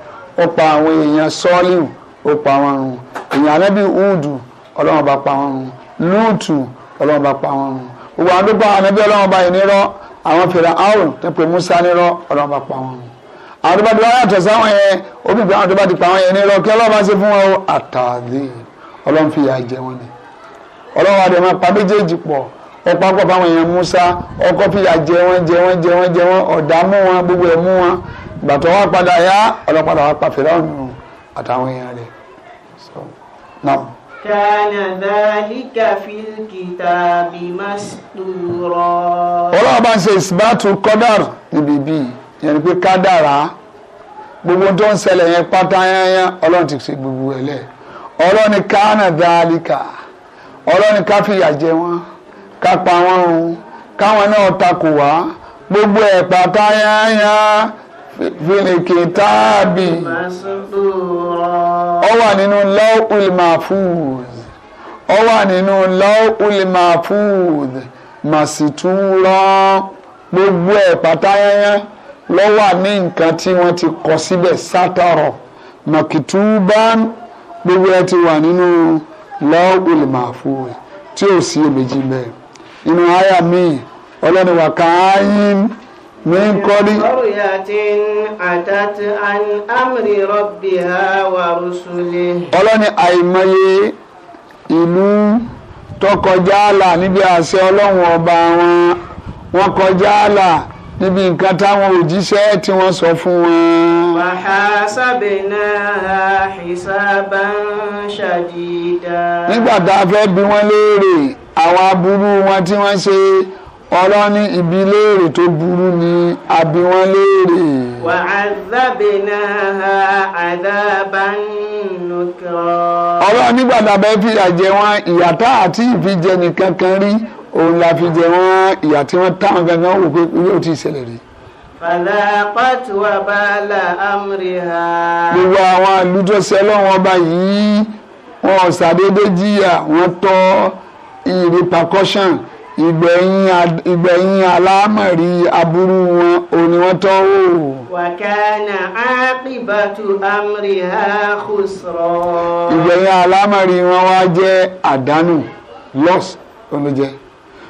ó pa àwọn èèyàn sọ́ọ̀lù ó pa wọn run èèyàn ànábì húdù ọlọ́run bá pa wọn run lúùtù ọlọ́run bá pa wọn run gbogbo àwọn tó gbọ́ àwọn ẹbí ọlọ́run báyìí nírọ́ àwọn fèrè áwòn tó pe Musa nírọ́ ọlọ́run bá pa wọn àwọn tó bá ti wá yàtọ̀ sáwọn yẹn obìnrin àwọn tó bá ti pa wọn yẹn nírọ́ kí ọlọ́run bá ṣe fún wọn àtàdé ọlọ́run fìyà jẹ wọn ni ọlọ́run adé máa pa méjèèjì pọ̀ ọ̀pá pọ̀ fáwọn èèyàn Musa ọkọ̀ fìyà jẹ wọn jẹ wọn jẹ wọn jẹ wọn ọ̀dà mú wọn gbogbo ẹ̀ mú wọn gbàtọ̀ wá padà yá ọlọ́padà كان ذلك في الكتاب مسطورا ọlọ́run bá ń ṣe ìsìbáàtú kọ́dàr níbi bíi yẹn ni pé kádàrá gbogbo tó ń ṣẹlẹ̀ yẹn pátá ọlọ́run ti ṣe gbogbo ẹ̀ lẹ̀ ọlọ́run ni kánà dáálíkà ọlọ́run ni ká fìyà jẹ ká pa run káwọn náà takò wá gbogbo ẹ̀ filikitaabi ó wà nínú lawul mahfuz ó wà nínú lawul mahfuz màsìtúrọ gbogbo ẹ̀ pátáyáyá ló ní nǹkan tí wọ́n ti kọ síbẹ̀ sátọrọ màkìtúbán gbogbo ẹ̀ ti wà nínú lawul mahfuz tí ò sí èméjì bẹ́ẹ̀ inú àyà míì ọlọ́ni wà káyín. من قبل قرية أتت عن أمر ربها ورسله ọlọ́ni àìmọye ìlú tó kọjá àlà níbi àṣẹ ọlọ́run ọba wọn wọ́n kọjá àlà níbi nǹkan táwọn òjíṣẹ́ tí wọ́n sọ fún wọn. wàhásàbẹ̀nà hisaban shadida. nígbà tá a fẹ́ bi wọ́n léèrè àwọn aburú wọn tí wọ́n ṣe ọlọ́ni ibi léèrè tó burú ni àbí wọn léèrè. wà á dábìnà àdábàn nùkọ́. ọlọ́run nígbà tá a bẹ́ẹ̀ fi àjẹ wọn ìyà tá àti ìfijẹ nìkan kan rí òun la fi jẹ wọn ìyà tí wọ́n táwọn gangan wò pé yóò ti ṣẹlẹ̀ rí. fàlà pàtó àbálà amúrí ha. gbogbo àwọn àlùjọsẹ lọ́wọ́ ọba yìí wọn ò ṣàdédé jìyà wọn tọ́ ìrìpàkọ́ṣàn ìgbẹ̀yìn ìgbẹ̀yìn alámọ̀rí aburú wọn òní wọn tọ́ wò. wàkánà ápìbàtú amri ha khusra. ìgbẹ̀yìn alámọ̀rí wọn wá jẹ́ àdánù loss oúnjẹ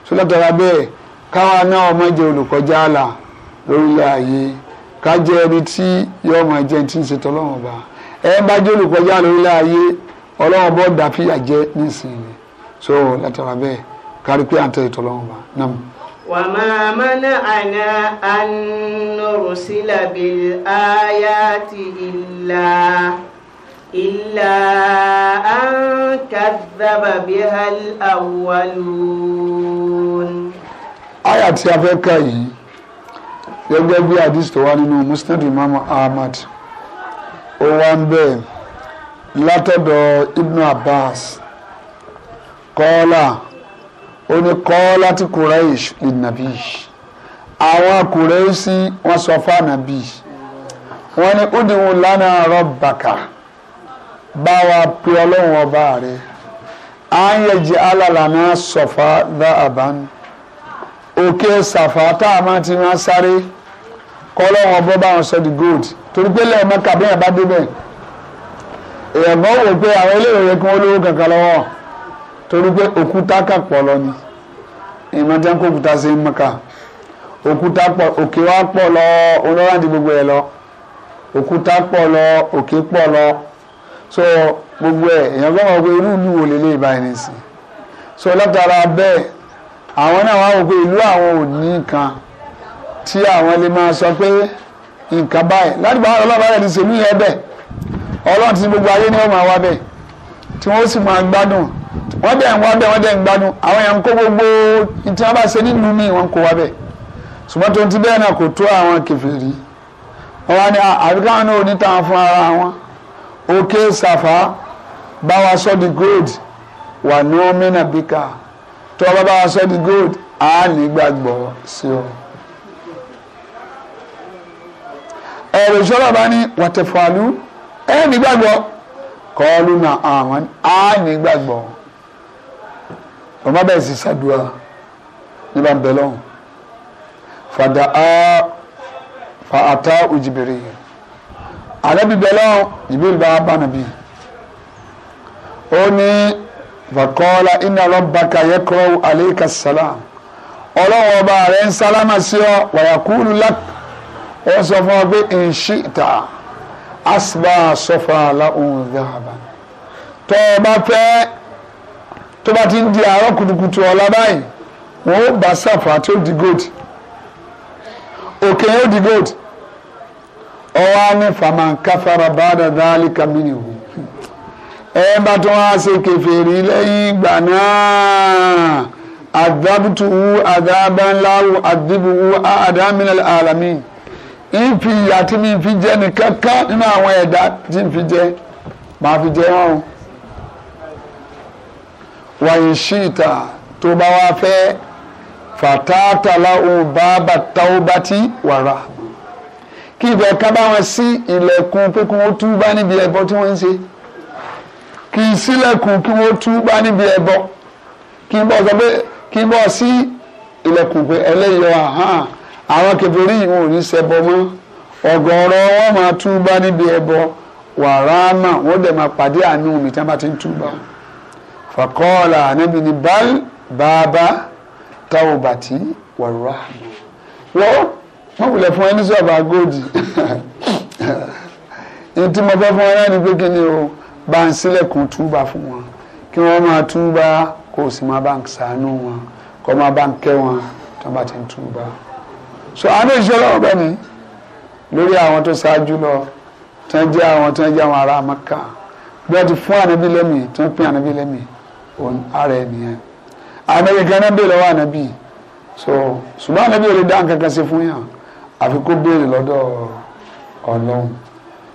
sọlátara bẹ́ẹ̀ káwa náà ọmọ jẹ́ olùkọjá àlà lórílẹ̀ ayé ká jẹ́ ẹni tí yóò máa jẹ́ tí ń ṣe tọ́lọ́wọ́n bá ẹ bá jẹ́ olùkọjá lórílẹ̀ ayé ọlọ́wọ́n bọ́ dàbí àjẹ́ nísìnyí so látara bẹ́ẹ̀ kárí pé à ń tẹ̀lé tọ́lọ́run bá nam. وما منعنا أن نرسل بالآيات إلا إلا أن كذب بها الأولون. àyà tí a fẹ́ kà yìí bí àdìs tó wá nínú Musnad Imam Ahmad ó wá ń bẹ̀ látọ̀dọ̀ Ibn Abbas kọ́ọ́lá. ó ní kọ́ láti Quraish lè àwọn Quraishi wọ́n sọ fún ànàbí wọ́n ní udiwu rọ rabbaka bá wa pe ọlọ́run ọba rẹ à ń yẹjẹ alàlànà sọ̀fà dá àbánu òkè sàfà tá a ti sáré ọba bá wọn sọ di gold torí pé lẹ́yìn bí ẹ̀ bá débẹ̀ èèyàn kan wò pé torí pé òkúta kà pọ̀ lọ ni ìmọ̀ tí wọ́n kó òkúta sí mọ́ka òkúta pọ̀ òkè wa pọ̀ lọ olóńgbàdì gbogbo ẹ̀ lọ òkúta pọ̀ lọ òkè pọ̀ lọ so gbogbo ẹ̀ èèyàn gbọ́dọ̀ wọ pé irú ìlú wo lè lè báyìí nìsín so látara bẹ́ẹ̀ àwọn náà wá wọ pé ìlú àwọn ò ní nǹkan tí àwọn lè máa sọ pé nǹkan báyìí láti bá ọlọ́run bá rẹ̀ ní sèmi yẹn bẹ́ẹ̀ ọlọ́run ti gbogbo ayé ni wọ́n máa wá bẹ́ẹ̀ tí wọ́n sì máa gbádùn wọ́n dẹ̀ ń wá bẹ́ẹ̀ wọ́n dẹ̀ ń gbanú àwọn yẹn ń kó gbogbo tí wọ́n bá ṣe nínú mi wọ́n ń kó wá bẹ́ẹ̀ ṣùgbọ́n tó ti bẹ́ẹ̀ náà kò tó àwọn kèfèrí wọ́n wá ní àbíká wọn náà onítàn fún ara wọn òkè ṣàfà bá wa sọ di gold wà ní omi bíkà tó bá bá wa sọ di gold á ní gbàgbọ́ sí ọ. ẹ̀rọ ìṣọ́lá bá ní wàtẹ̀fọ̀lù ẹ̀ nígbàgbọ́ kọ́ọ́lù náà àwọn á nígbàgbọ́ ọmọ bẹ́ẹ̀ sì ṣàdúrà nígbà ń bẹ lọ́hùn fàdà á fa àtà òjìbìrì ànábì bẹ lọ́hùn jìbìrì bá bá nàbì ó ní fàkọ́lá iná lọ́bàkà yẹ kọ́ àléékà sàlám ọlọ́wọ́ ọba rẹ̀ ń sálámà sí ọ wàyàkúlù lák ó sọ fún ọ pé ìṣìta asibá sọfà làwọn ọ̀dà àbá tọ́ ọ bá fẹ́ tó bá ti ń di àárọ̀ kùtùkùtù ọ̀la báyìí wọ́n ó bá sàfà tó di gold òkè yóò di gold ọwọ́ ní faman káfàrà ba'da dhalika minhu ẹ bá tó wá ṣe kèfèrí lẹ́yìn ìgbà náà àdábùtùwù àdábánláwù àdìbùwù àdámínàlì àlàmì ìfìyà tí mi fi jẹ́ nìkankan nínú àwọn ẹ̀dá tí mi fi jẹ́ màá fi jẹ́ wọn o wàyìn ṣíìtà tó bá wá fẹ́ fàtàtàlà òun bàbà táwọ́bátì wàrà kí ibẹ̀ ká bá wọn sí ilẹ̀kùn pé kí wọ́n túbá níbi ẹbọ tí wọ́n ń ṣe kì í sílẹ̀kùn kí wọ́n túbá níbi ẹbọ kí n bọ̀ sọ pé kí n bọ̀ sí ilẹ̀kùn pé ẹlẹ́yọ àhán àwọn kẹfìrí ìwọ̀n ò ní ṣẹbọ mọ́ ọ̀gọ̀ọ̀rọ̀ wọn máa túbá níbi ẹbọ wàrà náà wọ́n dẹ̀ máa pàdé àánú mi tí wọ́n bá ti ń túbá fàkọ́ọ̀là ànábì ní bal bàbá tawbati warahma wọ́n wọ́n wulẹ̀ fún ẹni sọ̀bà góòdì ní tí mo fẹ́ fún ẹni ẹni pé kí ni o bá ń sílẹ̀kùn túbà fún wọn kí wọ́n máa túbà kó o sì máa ba ń ṣàánú wọn kó máa bá ń kẹ́ wọn tó bá ti ń túbà. so àánú ìṣẹ́ lọ́wọ́ bẹ́ẹ̀ ni lórí àwọn tó ṣáájú lọ tí wọ́n jẹ́ àwọn tí wọ́n jẹ́ àwọn ará Mẹ́kà bí wọ́n ti fún ànábì lẹ́mìí tí pín ànábì lẹ́mìí ara ẹ̀ nìyẹn àmẹ́yẹ gánà béèrè lọ́wọ́ ànábì so ṣùgbọ́n ànábì ò lè dá nǹkan kan ṣe fún yàn àfi kó béèrè lọ́dọ̀ ọlọ́run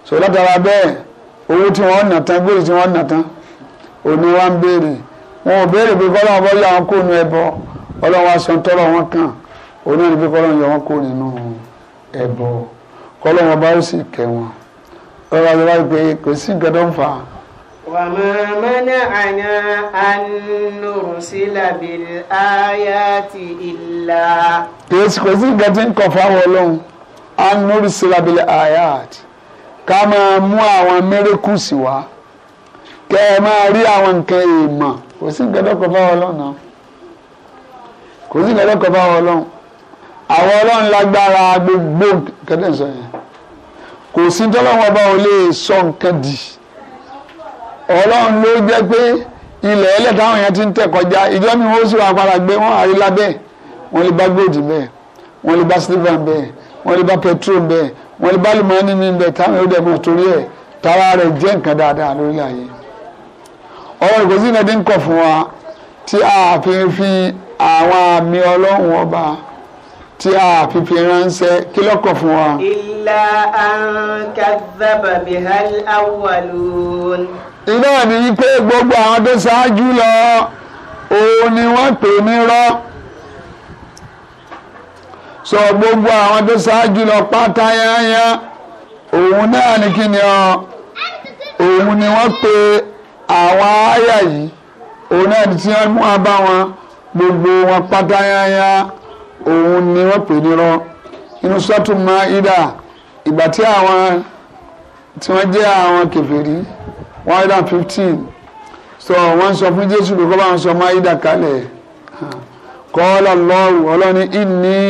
so látara bẹ́ẹ̀ owó tí wọ́n nà tán béèrè tí wọ́n nà tán òní wá ń béèrè wọn ò béèrè pé kọ́lọ́wọ́n bọ́ yà wọn kó nu ẹbọ ọlọ́wọ́n aṣọ tọrọ wọn kàn òní wọn ni pé kọ́lọ́wọ́n yà wọn kó nínú ẹbọ kọ́lọ́wọ́n bá ó sì kẹ́ wọn ọlọ́wọ́n bá wí pé kò sí nǹkan tó ń fà وما منعنا أن نرسل بالآيات إلا yes kò sí nǹkan tí ń kọ̀ fáwọn ọlọ́run an nursila bil ayat ká máa mú àwọn mẹ́rẹ́kùsì wá kẹ́ ẹ máa rí àwọn nǹkan èèmọ̀ kò sí nǹkan tó kọ̀ fáwọn ọlọ́run náà kò sí nǹkan tó gbogbo nǹkan tẹ̀ sọ yẹn kò sí tọ́lọ́wọ́ bá wọn lè sọ nǹkan dì ọlọ́run ló jẹ́ pé ilẹ̀ ẹlẹ́ yẹn ti ń tẹ̀ ìjọ mi wọ́n sì wá padà gbé wọ́n àrí lábẹ́ wọ́n lè bá gold bẹ́ẹ̀ wọ́n lè bá silver bẹ́ẹ̀ wọ́n lè bá petrol bẹ́ẹ̀ wọ́n lè bá lumani ní bẹ́ẹ̀ táwọn yóò dẹ̀ mọ̀ torí ẹ̀ tara rẹ̀ jẹ́ nǹkan dáadáa lórí ayé ọ̀rọ̀ ìkòsí náà ti ń kọ̀ fún wa tí a fi fi àwọn àmì ọlọ́run ọba tí a fífi ránṣẹ́ kí ló kọ̀ fún wa. illa an iná ní wípé gbogbo àwọn tó ṣáájú lọ òun ni wọ́n pè ní rọ́ sọ gbogbo àwọn tó ṣáájú lọ pátá yányá òun náà ní kí ni ọ òun ni wọ́n pè àwọn àyà yìí òun náà ní tí wọ́n mú wa wọn gbogbo wọn pátá yányá òun ni wọ́n pè ní rọ́ inú sọ́tún máa ń ìdá ìgbà tí àwọn tí wọ́n jẹ́ àwọn kèfèrí one hundred fifteen so wọ́n sọ fún jésù pé kó bá wọn sọ máyídà kalẹ̀ kọ́ọ́lá lọ́rù ọlọ́ni ìní.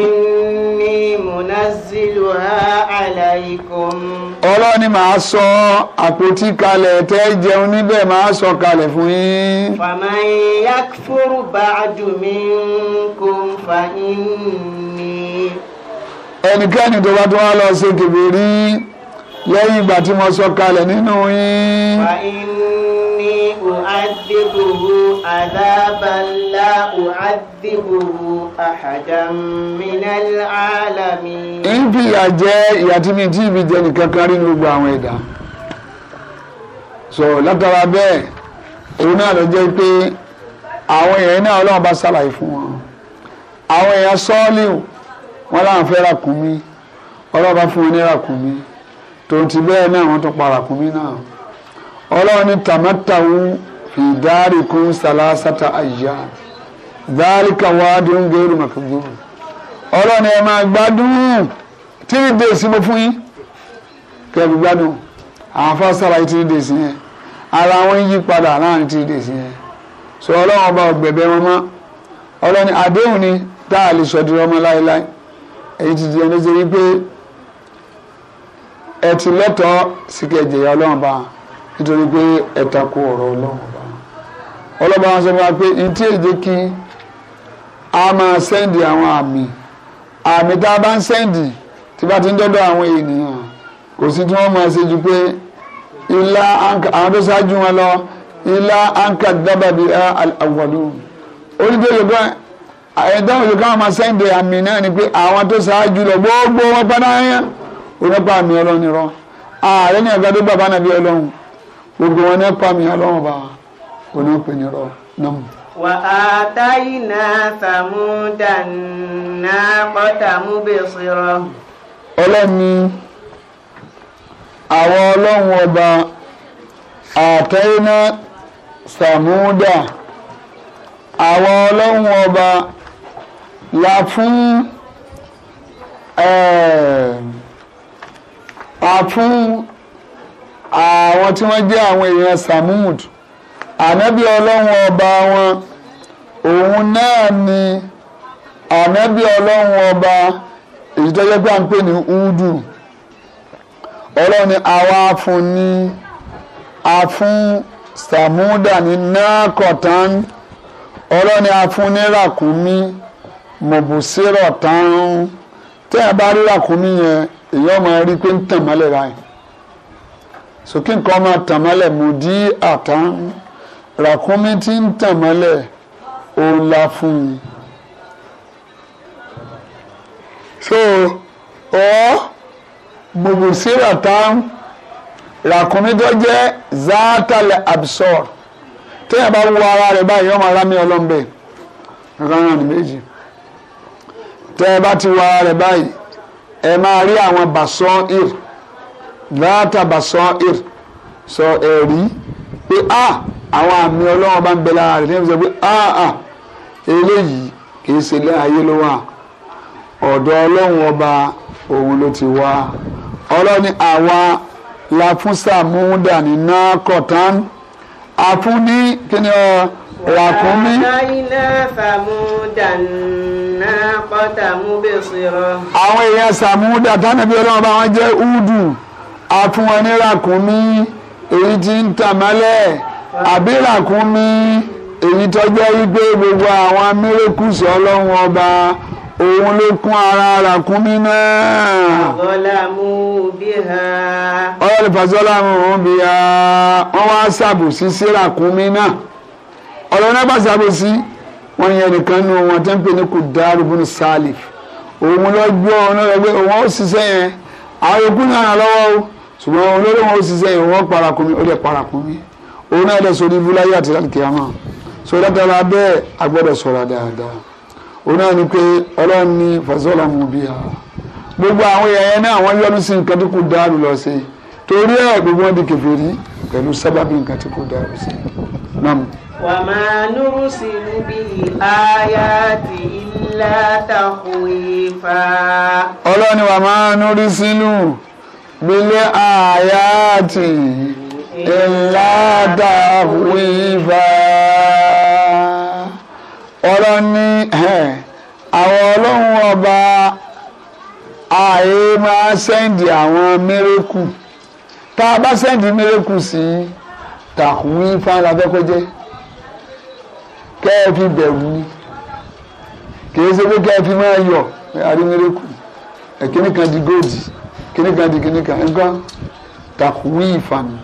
ìní múnazílù ha aláìkùn. ọlọ́ni màá sọ àpótí kalẹ̀ tẹ́ jẹun níbẹ̀ màá sọ kalẹ̀ fún yín. fàmà yakfuru ba'du minkum fa inni. ẹnikẹ́ni tó bá tó wá lọ ṣe kébé lẹ́yìn ìgbà tí mo sọ kalẹ̀ nínú yín. wà ní u'adhibuhu adhaban la u'adhibuhu ahadan mi tí ìbí jẹ nìkan kan rí gbogbo àwọn ẹ̀dá. so látara bẹ́ẹ̀ òun náà ló jẹ́ pé àwọn èèyàn náà ọlọ́run bá ṣàlàyé fún wọn àwọn èèyàn sọ́ọ́lì wọn láwọn fẹ́ ràkúnmí ọlọ́run bá fún wọn ní ràkúnmí tòun ti bẹ́ẹ̀ náà wọ́n tún para kùnmí náà ọlọ́run ní tàmátàwù ìdárìkún sàlásàtà àyà dárìkà wádùn gẹ́rù màkàgbọ́ ọlọ́run ẹ̀ máa gbádùn tírí dèsí mo fún yín kẹ́ẹ̀bù gbádùn àwọn afásàlà yìí tírí dèsí yẹn ara wọn yí padà láàrin tírí dèsí yẹn sọ ọlọ́run ọba ọ̀gbẹ̀bẹ̀ wọn mọ́ ọlọ́run àdéhùn ni tá a lè sọdúrọ́ mọ́ láéláé èyí ti di ẹni tó ṣe wípé ẹ ti lẹ́tọ̀ọ́ sí kí ẹ jẹ̀yà ọlọ́run bá nítorí pé ẹ takò ọ̀rọ̀ ọlọ́run bá ọlọ́ba wọn sọ fún wa pé ìtí èdè kí a máa sẹ́ndì àwọn àmì àmì tá a bá ń sẹ́ndì tí bá ti ń dọ́dọ̀ àwọn ènìyàn kò sí tí wọ́n máa ṣe ju pé ilá àwọn tó ṣáájú wọn lọ ilá anka dábàbí àwọ̀lú onídéèrè pé ẹ̀dáhùn káwọn máa sẹ́ndì àmì náà ni pé àwọn tó ṣáájú lọ gbogbo wọn padà yẹn ìrọ́bà mi ọlọ́run ni rán ààrẹ ní àgbàdo bàbá nàbí ọlọ́run gbogbo wọn ní pa mi ọlọ́run bá òní òpè ní rọ náà. wà á táyì náà sàmúdà náà pọ́tà mú bèsè rọ. ọlọ́run ni àwọn ọlọ́run ọba àtẹ́yìn náà sàmúdà àwọn ọlọ́run ọba la fún ẹ̀ẹ́. Eh, àfún àwọn tí wọ́n jẹ́ àwọn èèyàn samud ànábì ọlọ́run ọba wọn òun náà ni ànábì ọlọ́run ọba èyí tó jẹ́ ń pè ní udu ọlọ́run ni àwa fún ni àfún samuda ní nákọ̀tán ọlọ́run ni àfún ní ràkúnmí mọ̀bùsírọ̀ tán tẹ́ ẹ bá rí ràkúnmí yẹn èyàn máa rí i pé ń tàn mọ́lẹ̀ báyìí sókè nǹkan máa tàn mọ́lẹ̀ mú dí àtàn ràkúnmí tí ń tàn mọ́lẹ̀ òun la fún un so ọ gbogbo síra tán ràkúnmí tó jẹ́ zaatalẹ̀ absor téèyàn bá wo ara rẹ̀ báyìí ọmọ ara mi ọlọ́mọbẹ̀ nǹkan náà ní méjì tẹ́ ẹ bá ti wo ara rẹ̀ báyìí ẹ máa rí àwọn bàṣọ ir láàtà bàṣọ ir sọ ẹ̀rí pé a àwọn àmì ọlọ́wọ́ bá ń bẹ lára rẹ̀ tẹ́lẹ̀ sọ pé a a eléyìí kì í ṣe ilé ayé ló wà ọ̀dọ̀ ọlọ́run ọba òun ló ti wá ọlọ́ni àwa la fún sàmúdà ní náà kọ̀tán a fún ní kíni ràkúnmí. àwọn èèyàn sàmúdà tánàbí ọlọ́run bá wọn jẹ́ údù àfún wọn ní ràkúnmí èyí tí ń tàmálẹ̀ àbí ràkúnmí èyí tọ́jọ́ wípé gbogbo àwọn mírèkùsì ọlọ́run ọba òun ló kún ara ràkúnmí náà. ọ̀gọ́lámú bí ha. ọlọ́run fàṣọ́lámù bí ha wọ́n wá ṣàbòsí sí ràkúnmí náà ọlọ́run náà bá ṣàbòsí wọ́n yẹn nìkan nù wọn tẹ́ ń pè ní kùdàrú bùnú sálif òun lọ gbọ́ ọ̀nà rẹ̀ pé òun ó ṣiṣẹ́ yẹn àwọn ikú náà lọ́wọ́ o ṣùgbọ́n olórí wọn ó ṣiṣẹ́ yẹn wọ́n parakùn mi ó dẹ̀ parakùn mi òun náà dẹ̀ sórí ibúláyé àti àlùkìyàmà so dáadáa bẹ́ẹ̀ a gbọ́dọ̀ sọ̀rọ̀ dáadáa òun náà ni pé ọlọ́run ní fasọ́lá mu bí a gbogbo àwọn yẹn náà wọ́n yọnu sí nǹkan وما نرسل بالآيات إلا تخويفا ọlọ́ni wà máa núrí sínú bílé àyàtì ìlàdàwífà ọlọ́ni àwọn ọlọ́run ọba àyè máa sẹ́ndì àwọn mẹ́rẹ́kù tá a bá sẹ́ndì mẹ́rẹ́kù sí tàkùnfà làbẹ́kọ́jẹ́ kẹ́ ẹ fi bẹ̀rù ni kìí ṣe pé kẹ́ ẹ fi máa yọ̀ arímẹ́rẹ́kù ẹ̀kíní kan di góòdì kíní kan di kíní kan nǹkan tàkùwí ìfàmì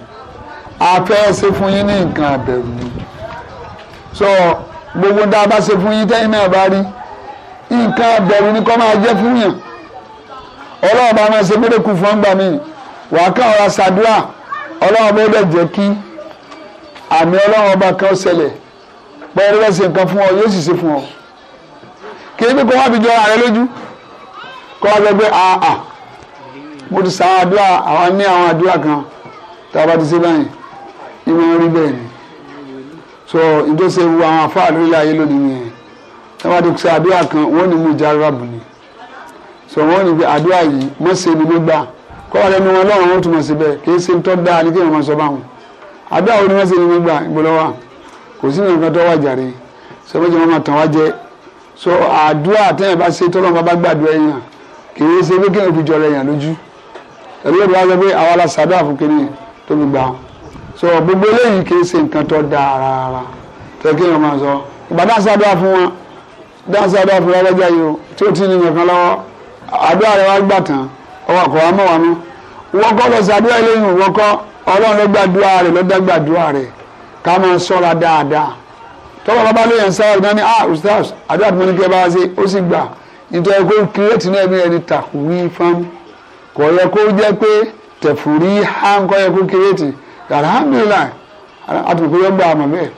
a ṣe fún yín ní nǹkan àbẹ̀rù ni so gbogbo dáa bá ṣe fún yín tẹ́yìn náà bá rí nǹkan àbẹ̀rù ni kọ́ máa jẹ́ fún yàn ọlọ́run bá máa ṣe mérekù fún ọgbà mi wàá kàn ọ́ra ṣàdúrà ọlọ́run bó dẹ̀ jẹ́ kí àmì ọlọ́run ọba kan ṣẹlẹ̀ pẹ̀lú ẹsẹ̀ nǹkan fún ọ yóò sì ṣe fún ọ kí ebi kó wá fi jọ ààrẹ lójú kó wá gbẹgbẹ àà mo ti sàwọn àdúrà àwọn ní àwọn àdúrà kan tá a bá ti ṣe báyìí ni mo rí bẹ́ẹ̀ ni so ìjọsẹ̀ wu àwọn afá àlórílẹ̀ ayé lónìí yẹn tá a bá ti ṣe àdúrà kan wọ́n ní mú jarabu ni so wọ́n ní pé àdúrà yìí mọ̀ ṣe ni ló gbà kó wá lẹ́nu wọn lọ́wọ́ wọn tún mọ̀ síbẹ̀ kì í ṣe ń tọ́ dáa ní kí wọ́n máa sọ báwọn àdúrà wo ni wọ́n ṣe ni ló gbà ìgbọ́lọ́wọ́ kò sí nǹkan tó wà jàre sọ méjì wọn máa tàn wá jẹ so àdúrà tẹ́yìn bá ṣe tọ́lọ́ bá bá gbàdúrà èèyàn kì í ṣe pé kí èèyàn fi jọrọ èèyàn lójú ẹ̀rọ ìlú wa sọ pé àwa la ṣàdúrà fún kínní tó fi gbà so gbogbo eléyìí kì í ṣe nǹkan tó dáa rárá tẹ́ kí èèyàn máa sọ ìgbà dáhùn ṣàdúrà fún wọn dáhùn ṣàdúrà fún wọn lọ́jà yìí o tí ó ti ní nǹkan lọ́wọ́ àdúrà rẹ wá gbà tán ọwọ́ wa mọ̀ wá mú wọ́n kọ́ lọ ṣàdúrà eléyìí wọ́n kọ́ ọlọ́run ló gbàdúrà rẹ̀ ló gbàdúrà rẹ̀ ká máa sọ́ra dáadáa tọ́lá bàbá yẹn sáà ọ̀gbọ́n ah ustaz àdúrà tí mo bá ṣe ó sì gbà nítorí kírètì náà ẹni kò yẹ kó jẹ́ pé tẹ̀fùrí kọ́ yẹ kó kírètì alhamdulilayi gbà bẹ́ẹ̀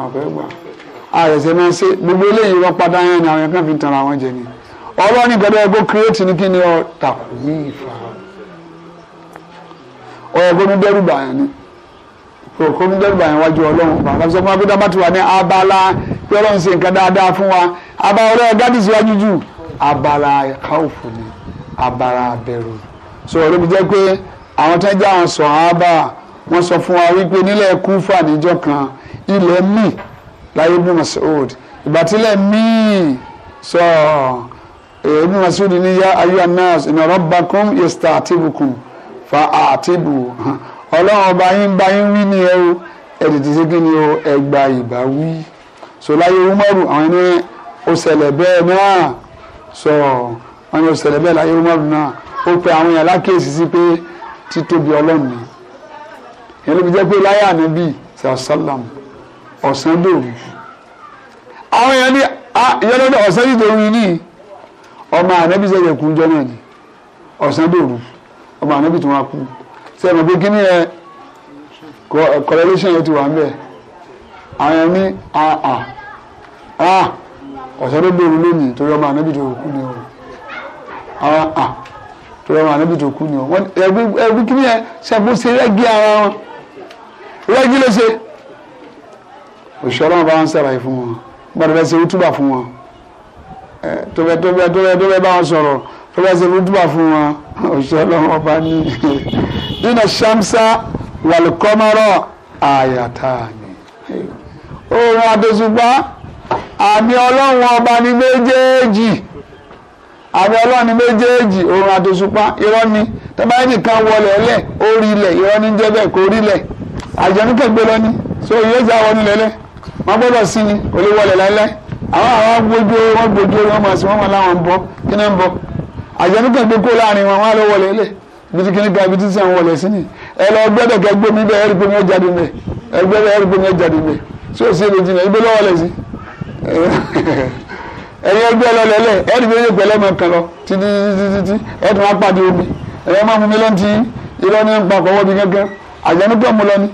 àfẹ́ gbà máa ṣe gbogbo eléyìí wọ́n padà yẹn ni àwọn ẹ̀kan fi tàn àwọn jẹ ọlọ́run ní gbọ́dọ̀ ẹ̀kọ́ kírètì ní kí ni ọ tàkùnrí fún ọ ẹ̀kọ́ ní dẹ́rù bàyàn ni. kò ní dẹ́gbà yẹn wájú ọlọ́run ọba àbáṣọ fún abúlé bá ti wà ní abala pé ọlọ́run ṣe nǹkan dáadáa fún wa abala ọlọ́run gádì síwájú jù abala káwùfù ni abala abẹ̀rù so olóbi jẹ́ pé àwọn tó ń jẹ́ àwọn sọ̀hábà wọ́n sọ fún wa wípé nílẹ̀ kúfà níjọ́ kan ilẹ̀ mì láyé bí Mas'ud ìgbà tílẹ̀ mì sọ Ibn Mas'ud ní yá ayé anas inna fa àtìbù ọlọ́run ọba yín bá yín wí ní ẹrú ẹ tètè ṣe kí ni o ẹ gba ìbá wí so láyé umaru àwọn ẹni ó ṣẹlẹ̀ bẹ́ẹ̀ náà sọ wọn ni ó ṣẹlẹ̀ bẹ́ẹ̀ láyé umaru náà ó pe àwọn èèyàn lákèésí sí pé títóbi ọlọ́run ni ìyẹn ló fi jẹ́ pé láyé ànábì sàlám ọ̀sán dòru àwọn èèyàn ní ìyẹlẹ́dẹ̀ ọ̀sán dòru ní ọmọ ànábì sẹ̀yẹ̀ kú jọ náà ni ọ̀sán dòru ọmọ ànábì tó wá kú sẹ́yìn pé kíní yẹn correlation ti wà ń bẹ̀ àwọn yẹn àà àà ọ̀sẹ̀ ló bẹ̀rù lónìí torí ọmọ ànábì tó kú ni o àà àà torí ọmọ ànábì tó kú ni o wọ́n ẹ̀bí ẹ̀bí kíní yẹn sẹ́yìn pé ó ṣe rẹ́gí ara wọn rẹ́gí ló ṣe òṣìṣẹ́ ọlọ́run bá ń ṣàlàyé fún wọn gbọ́dọ̀ bẹ́ẹ̀ ṣe rútúbà fún wọn tó bẹ́ẹ̀ tó bẹ́ẹ̀ tó bẹ́ẹ̀ bá wọn sọ̀rọ̀ tó ṣe rútúbà fún wọn òṣìṣẹ́ ọlọ́run ọba ní iná ṣàmṣà wàlùkọ́mọ́rọ̀ àyàtàní. oòrùn àdòṣùpá àmì ọlọ́run ọba ní méjèèjì àmì ọlọ́run ní méjèèjì oòrùn àdòṣùpá irọ́ ni tẹ́báyìí kan wọlé ẹlẹ́ orí ilẹ̀ irọ́ ní jẹ́ bẹ́ẹ̀ kó rí ilẹ̀ àjẹnú lọ ni so ìyẹn ìjà wọnú lẹ́lẹ́ wọn gbọ́dọ̀ sí ni kò lè wọlé láíláí àwọn àwọn gbójú wọn gbójú wọn máa sí wọn máa láwọn ń bọ kí náà ń bọ àjẹnú kẹgbẹ́ kó láàrin wọn wọn á lọ wọlé ẹlẹ́ bísí kìíní kan ibi tí sàn wọlé sí ni ẹ lọ gbẹdẹ kẹ gbé mi bẹ ẹ rí pé mi ò jáde mi ẹ gbẹdẹ ẹ rí pé mi ò jáde mi tí o sì lè jìnnà ibi lọ́wọ́ lẹ̀ sí ẹ̀yin ẹgbẹ́ ọlọ́lẹ̀ ẹ̀ ẹ́ dìbò yóò máa kàn lọ títí títí tún wá pàdé omi ẹ̀yẹ́ máa mú mi lọ́ntì irọ́ ní nǹkan ọ̀kọ́wọ́ mi gángan àjẹnú pẹ̀ mú lọ ni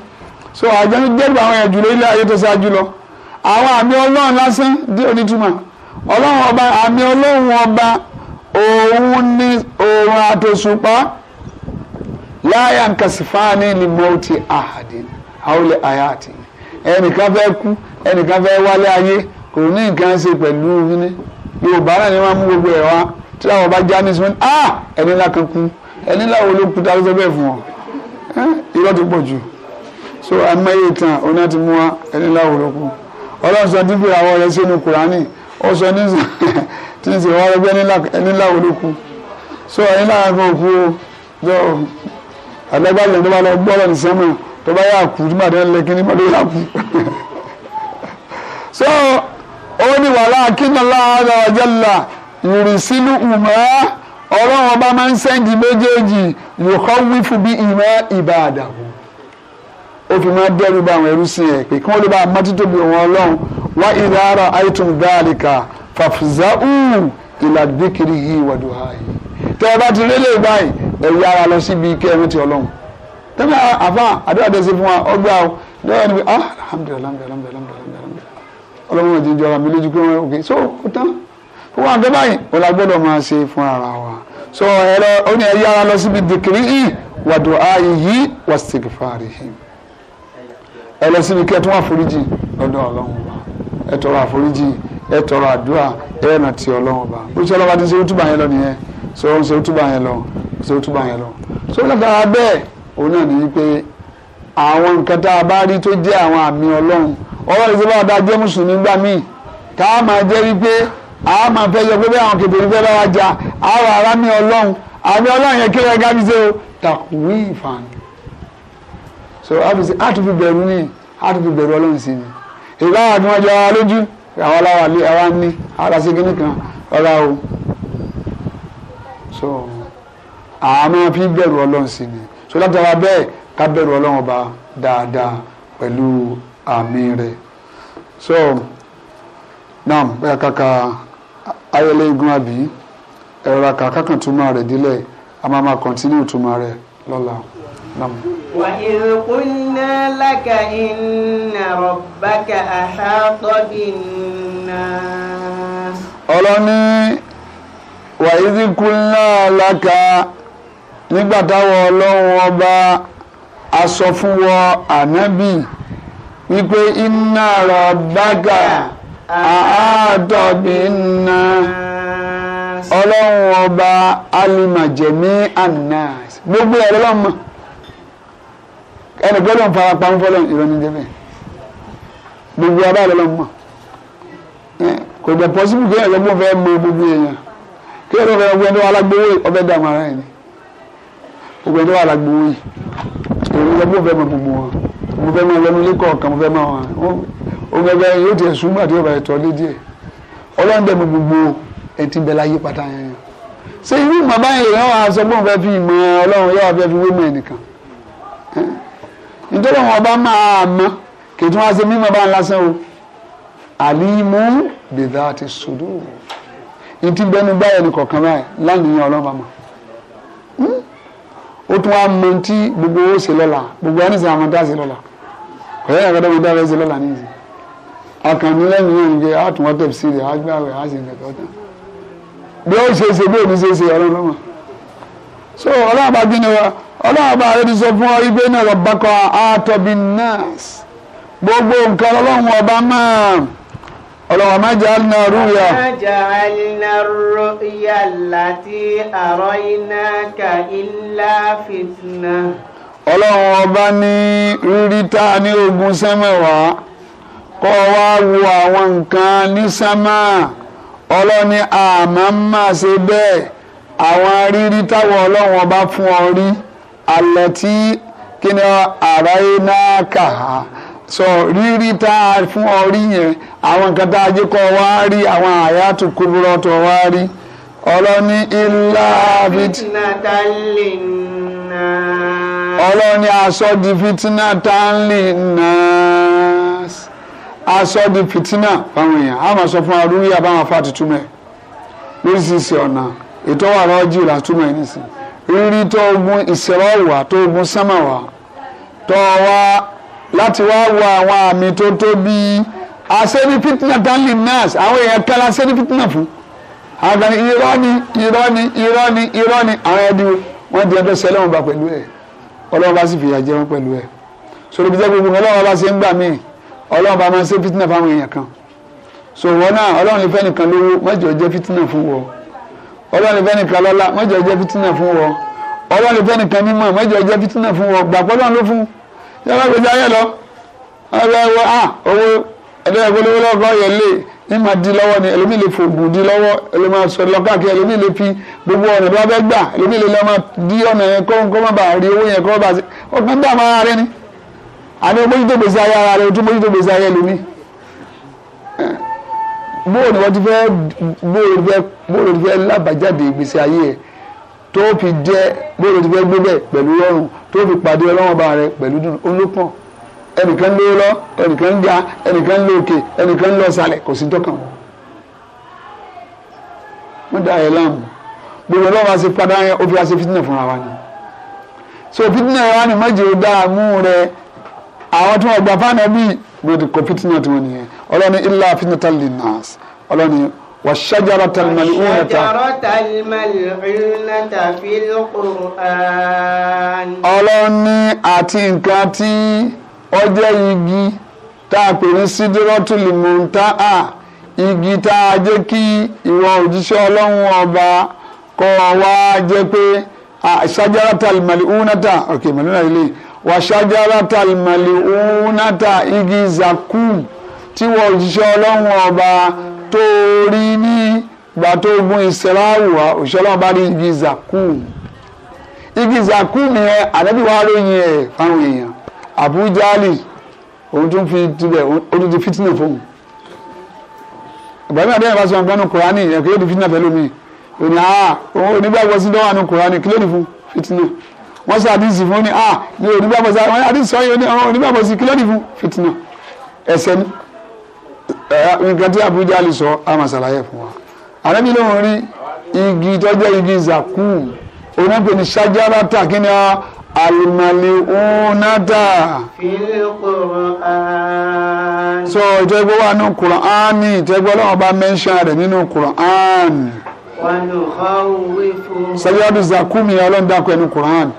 so àjẹnú dẹ́rù àwọn ẹ̀jù lórí ilé ayé tó ṣáájú lọ àwọn àmì ọlọ́run lásán dé onítùmọ̀ ọlọ́run ọba àmì ọlọ́run ọba òun ni òun àtòṣùpá láyà nǹkan sífáàní ni mọ́ọ̀tì àhàdì àwòlẹ̀ àyàtì ẹnìkan fẹ́ kú ẹnìkan fẹ́ wálé ayé kò ní nǹkan ṣe pẹ̀lú ní yorùbá náà ni wọ́n mú gbogbo ẹ̀ wá tí àwọn bá já ní sinmi ah ẹni ńlá kan kú ẹni ńlá wo ló kú tá a sọ bẹ́ẹ̀ fún ọ irọ́ ti pọ̀ jù so amáyé tán oní àti mú wa ẹni ńlá wo ló kú ọlọ́run sọ dípò àwọn ọ̀rẹ́ sínú kùránì ó sọ ní tí ń sè wọ́n rẹ bí ẹni ńlá wo ló kú so ẹni ńlá kan kú o àgbàgbàgbà tó bá lọ gbọ́rọ̀ ní sẹ́mọ̀ tó bá yà kú tó bá dé lẹ́kí ní mọ́tò yà kú. so ó ní wàhálà akínàlá àjọyọ̀jẹ̀là ìrìnsílù ùmọ́ ọlọ́run ọba máa ń sẹ́ǹdì méjèèjì yòókọ́ wí fún bí ìmọ̀ ìbàdàn ó fi máa dẹ́rù bá àwọn ẹrú sí ẹ̀ pé kí wọ́n lè bá a mọ́tò tóbi wọn ọlọ́run wá ìdára àìtún dáàlìkà fàfùzà ùn ìlàdíkiri yìí wàdùn ààyè tẹ́ ẹ bá ti rélé báyìí ẹ yára lọ síbi kí ẹran ti ọlọ́run tẹ́lẹ̀ àfa àdúrà tẹ̀sí fún wa ọgbà o lẹ́yìn níbi ah alhamdulilayi alhamdulilayi alhamdulilayi ọlọ́run ti jọra mi lójú pé wọ́n ok so ó tán ó wà bẹ́ẹ̀ báyìí ó la gbọ́dọ̀ máa ṣe fún ara wa so ẹ̀rọ ó ní ẹ yára lọ síbi dìkìrì yìí wàdù ààyè wà sìgìfàrì yìí ẹ lọ síbi kí ẹ tún àforíjì lọ́dọ̀ ọlọ́run wa ẹ tọrọ àforíjì ẹ tọrọ àdúrà ẹ nà ti ọlọ́run ọba ó ṣe ọlọ́ba ti ṣe ó túbà yẹn lọ nìyẹn so ó ń ṣe ó túbà yẹn lọ ṣe ó túbọ̀ yẹn lọ. so látara bẹ́ẹ̀ òun náà ní pé àwọn nǹkan tá a bá rí tó jẹ́ àwọn àmì ọlọ́run ọlọ́run ìṣẹ́ bá dáa jẹ́ mùsùlùmí gbà míì tá a máa jẹ́ wípé a máa fẹ́ yọ pé bí àwọn kèbèrè fẹ́ bá wa jà á wà ará mi ọlọ́run àmì ọlọ́run yẹn kéwàá gábí ṣe o tàkùnrin ìfàn so a tún fi bẹ̀rù ni a tún fi bẹ̀rù ọlọ́run sí ni ìgbà àti wọn jọ ara lójú àwọn aláwa ní ara sí kan ọlá o so àmọ́ fi bẹ̀rù ọlọ́run sí ni so látara bẹ́ẹ̀ ká bẹ̀rù ọlọ́run ọba dáadáa pẹ̀lú àmì rẹ̀ so náà bẹ́ẹ̀ kàkà ayẹlẹ igun àbí ẹ̀rọ kàkà kan túmọ̀ rẹ̀ dílẹ̀ a máa máa kọ̀ntínú túmọ̀ rẹ̀ lọ́la. وإذ لك إن ربك أحاط بالناس. ọlọ́ni وإذ قلنا لك nígbà táwọn ọlọ́run ọba aṣọ fún wọ ànábì wípé iná rọ bága àádọ́bí ńnà ọlọ́run ọba alimajẹ̀mí àná gbogbo ẹ̀rọ lọ́mọ ẹnì gbọ́dọ̀ ń fara pamọ́ fọlọ́ ìrọ̀lẹ́ débẹ̀ gbogbo abá ẹ̀rọ lọ́mọ kò jẹ́ pọ́sibú kí ẹ̀rọ gbọ́n fẹ́ mọ gbogbo èèyàn kí ẹ̀rọ fẹ́ gbọ́n tó alágbówó ọbẹ̀ dàmọ́ ara ẹ̀ ni gbogbo ẹni wà lágbo yìí èmi lọ mo fẹ́ mọ gbogbo wọn mo fẹ́ mọ lọ́nu ilé kọ̀ọ̀kan mo fẹ́ mọ wọn o gbẹgbẹ yóò tiẹ̀ sùn gbàdé ọ̀bà ẹ̀tọ́ lé díẹ̀ ọlọ́run dẹ̀ mọ gbogbo ẹ̀ ti bẹ̀ láyé pátá yẹn ṣé irú ìmọ̀ báyìí yẹn wà sọ pé òun fẹ́ fi ìmọ̀ ọlọ́run yóò fẹ́ fi wé ẹnìkan nítorí àwọn ọba máa mọ kì wá sí mímọ̀ bá ń lásán o àlímú bìdá ti sùdúrù ìtìbẹ́nu gbáyẹ̀ nìkọ̀ọ̀kan báyìí láàyè ọlọ́run bá mọ̀. Hm? ó tún wá mọ tí gbogbo owó ṣe lọ́la gbogbo ẹni sìn àwọn dáṣe lọ́la ọ̀yẹ́ yàrá dẹ́gbẹ́ dára ṣe lọ́la ní ìsìn àkànní lẹ́yìn yóò ń gbé àtúnwọ́ tẹ̀sí rẹ̀ àgbàwẹ̀ àṣẹ ìgbẹ̀tọ́ tán bí ó ṣe ṣe bí òní ṣe ṣe ọ̀rọ̀ lọ́mọ so ọlọ́run bá gbé ni wa ọlọ́run bá rẹ̀ sọ fún ọ ibẹ̀ náà rọ̀ bákan àtọ̀bí nọ́ọ̀sì gbogbo nǹkan ọlọ́run ọba máa ọlọ́wọ́ má jẹ́ alina rúyà. má jẹ́ alina rúyà láti àrọ́ iná ka ilá fitna. ọlọ́wọ́ ọba ní rírí tá a ní ogun sẹ́mẹ̀wàá kọ́ wa wo àwọn nǹkan ní sámà ọlọ́ni àmọ́ má ṣe bẹ́ẹ̀ àwọn rírí táwọn ọlọ́wọ́ ọba fún ọ rí àlẹ́ tí kí ni àrá iná kà á sọ rírí tá a fún ọ rí yẹn àwọn nǹkan tá a jẹ́ kọ́ wá rí àwọn àyàtú kúburọ̀ tó wá rí ọlọ́ni ilá bìtì. ọlọ́ni aṣọ di fìtínà tá a ń lè nà aṣọ di fìtínà fáwọn èèyàn a máa sọ fún wa rúrí àbáwọn afá tuntun mẹ lóríṣiríṣi ọ̀nà ètò wà lọ́jì làtúmọ̀ ẹ̀ nísìnyí rírí tó ogun ìṣẹ̀rọ̀ wà tó ogun sánmà wà tó wá láti wá wo àwọn àmì tó tóbi àṣẹ́ni fitna tánlì nas àwọn èèyàn kan àṣẹ́ni fitna fún àgbà ni irọ́ ni irọ́ ni irọ́ ni irọ́ ni àwọn ẹni wọ́n di ẹjọ́ sẹ́lẹ̀ wọn bá pẹ̀lú ẹ̀ ọlọ́run bá sì fìyà jẹ wọn pẹ̀lú ẹ̀ sọ̀rọ̀ bí jẹ́ gbogbo ọlọ́run bá ṣe ń gbà míì ọlọ́run bá máa ṣe fitna fáwọn èèyàn kan so wọn náà ọlọ́run lè fẹ́ nìkan lówó mọ́jọ jẹ́ fitna fún wọn ọlọ́run lè fẹ́ nìkan lọ́lá mọ́jọ jẹ́ fitna fún wọn ọlọ́run lè fẹ́ nìkan nímọ̀ mọ́jọ jẹ́ fitna fún wọn gbàgbọ́ lọ́run ló fún yàrá gbèjà yẹn lọ ah, ẹgbẹ́ ẹwọ́ à owó ẹ̀dẹ́ ìpolówó lọ́kọ́ yẹn lé ní máa di lọ́wọ́ ni ẹlòmíì lè fògùn di lọ́wọ́ ẹlòmíì máa sọ lọ káàkiri ẹlòmíì lè fi gbogbo ọ̀nà tó bá fẹ́ gbà ẹlòmíì lè lọ máa di ọ̀nà yẹn kó kó má bàa rí owó yẹn kó má bàa sí ọ̀kan dá máa rẹ ni àní mójútó gbèsè ayé ara rẹ o tún mójútó gbèsè ayé ẹlòmíì bóòlù wọn ti fẹ́ bóòlù fẹ́ bóòlù fẹ́ lábàjáde gbèsè ayé yẹn tó fi jẹ́ bóòlù ti fẹ́ gbé bẹ́ẹ̀ pẹ̀lú rọrùn tó fi pàdé ọlọ́wọ́n bá rẹ pẹ̀lú dùn olópọ̀n ẹnìkan ló lọ ẹnìkan ga ẹnìkan lókè ẹnìkan lọ sàlẹ̀ kò sí tọ́kàn wọ́n dá ẹ̀ láàmú gbogbo ọlọ́wọ́ àti padà yẹn ó fi àṣẹ fìtínà fúnra wa ni so fìtínà wa ni méje ó dààmú rẹ àwọn tí wọ́n gbà fáànà bíi gbòdì kò fìtínà tí wọ́n nìyẹn ọlọ́ni ilá fìtínà tàlí nàás ọlọ́ni والشجرة الملعونة والشجرة الملعونة في القرآن ọlọ́ni àti nǹkan tí ó jẹ́ igi tá a pè ní sídírọ́tùlì mọ̀ntàá igi tá a jẹ́ kí ìwọ òjíṣẹ́ ọlọ́run ọba kọ́ wa jẹ́ pé ṣájárátà màlìúnátà ok màlìúnátà ilé wà ṣájárátà màlìúnátà igi zakum tí wọ́n òjíṣẹ́ ọlọ́run ọba. Mm -hmm tó rí ní ìgbà tó gun ìsẹ̀ráàwù wa òṣìṣẹ́ ọlọ́run bá rí igi zakum igi zakum yẹn ànábì wa lóyin ẹ̀ fáwọn èèyàn àbújáàlì òun tún fi tibẹ̀ ó tún ti fitinà fóun ìgbàlódé àdéhùn bá sọ ọgbọ́n nu kùránì yẹn kí ló di fitinà pẹ̀lú mi òní àá òun onígbàgbọ́ sí dánwà nu kùránì kí ló di fún fitinà wọ́n sọ àdìsí fún ni àá ní onígbàgbọ́ sí àdìsí sọ yẹn onígbàgbọ́ sí kí ló di fún fitinà ẹ̀sẹ̀ ni nǹkan tí Abuja lè sọ a máa ṣàlàyé fún wa àrẹ́bí lóun rí igi tó igi zakum onípe ní ṣájárátà kí ni àlùmọ̀lì ònàdà. so ìtẹ́gbẹ́ wà nínú kùránì ìtẹ́gbẹ́ ọlọ́run bá mẹ́ńṣán rẹ̀ nínú kùránì. ṣájárátà zakum yẹn ọlọ́run dákọ̀ ẹnu kùránì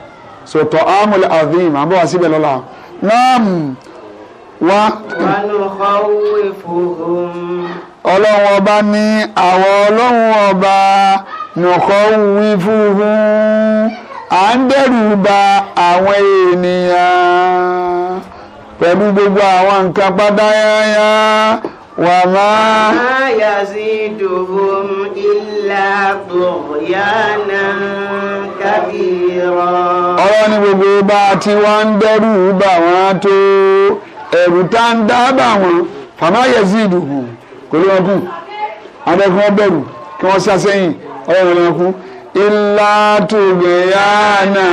sọ̀tọ̀ amúlẹ̀ azim àbọ̀wá síbẹ̀ lọ́la. náà wá. ọlọ́run ọba ní àwọn ọlọ́run ọba nìkọ́ wí fúnfún à ń dẹ́rù ba àwọn ènìyàn pẹ̀lú gbogbo àwọn nǹkan pátáyáyá wà máa. máyà sí ìdòhùn ilà bòyánà kábìrọ. ọ̀rọ̀ ni gbogbo bá a ti wá ń dẹ́rù bà wọ́n tó ẹ̀rù tá ń dábàá wọn fàmà yẹ̀sí ìdùnkù kò lè wọn kù abẹ́kùn wọn kí wọ́n sá sẹ́yìn ọ̀rọ̀ wọn kú ilá tògbéyàna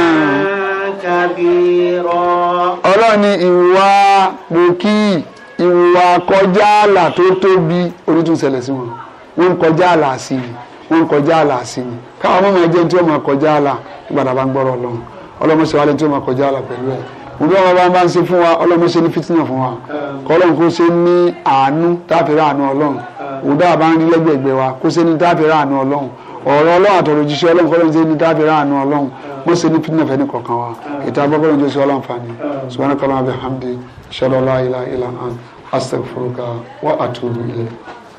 ọlọ́run ni ìwà bòkì ìwà kọjá àlà tó tóbi onítùsẹ̀lẹ̀ sí wọn wọn kọjá àlà sí i wọn kọjá àlà sí i káwọn ọmọ ẹ̀jẹ̀ tí wọn máa kọjá àlà ìgbàdàbà ń gbọ́rọ̀ ọlọ́run ọlọ́run ṣe tí wọn máa kọjá àlà pẹ̀lú ẹ̀ gbogbo àwọn bá ń bá ń ṣe fún wa ọlọ́run ṣe ní fìtínà fún wa kọ́lọ́run kó ṣe ní àánú táàfẹ́ ráàánú ọlọ́run òdà bá ń rí lẹ́gbẹ̀ẹ́gbẹ́ wa kó ṣe ní táàfẹ́ ráàánú ọlọ́run ọ̀rọ̀ ọlọ́run àtọ̀rọ̀ òjíṣẹ́ ọlọ́run kọ́lọ́run ṣe ní táàfẹ́ ráàánú ọlọ́run mo ṣe ní fìtínà fẹ́ ní kọ̀ọ̀kan wa ìta bọ́kọ́lọ́run tó ṣe ọlọ́run fani subhanakallahu wa an la ilaha illa anta, astaghfiruka wa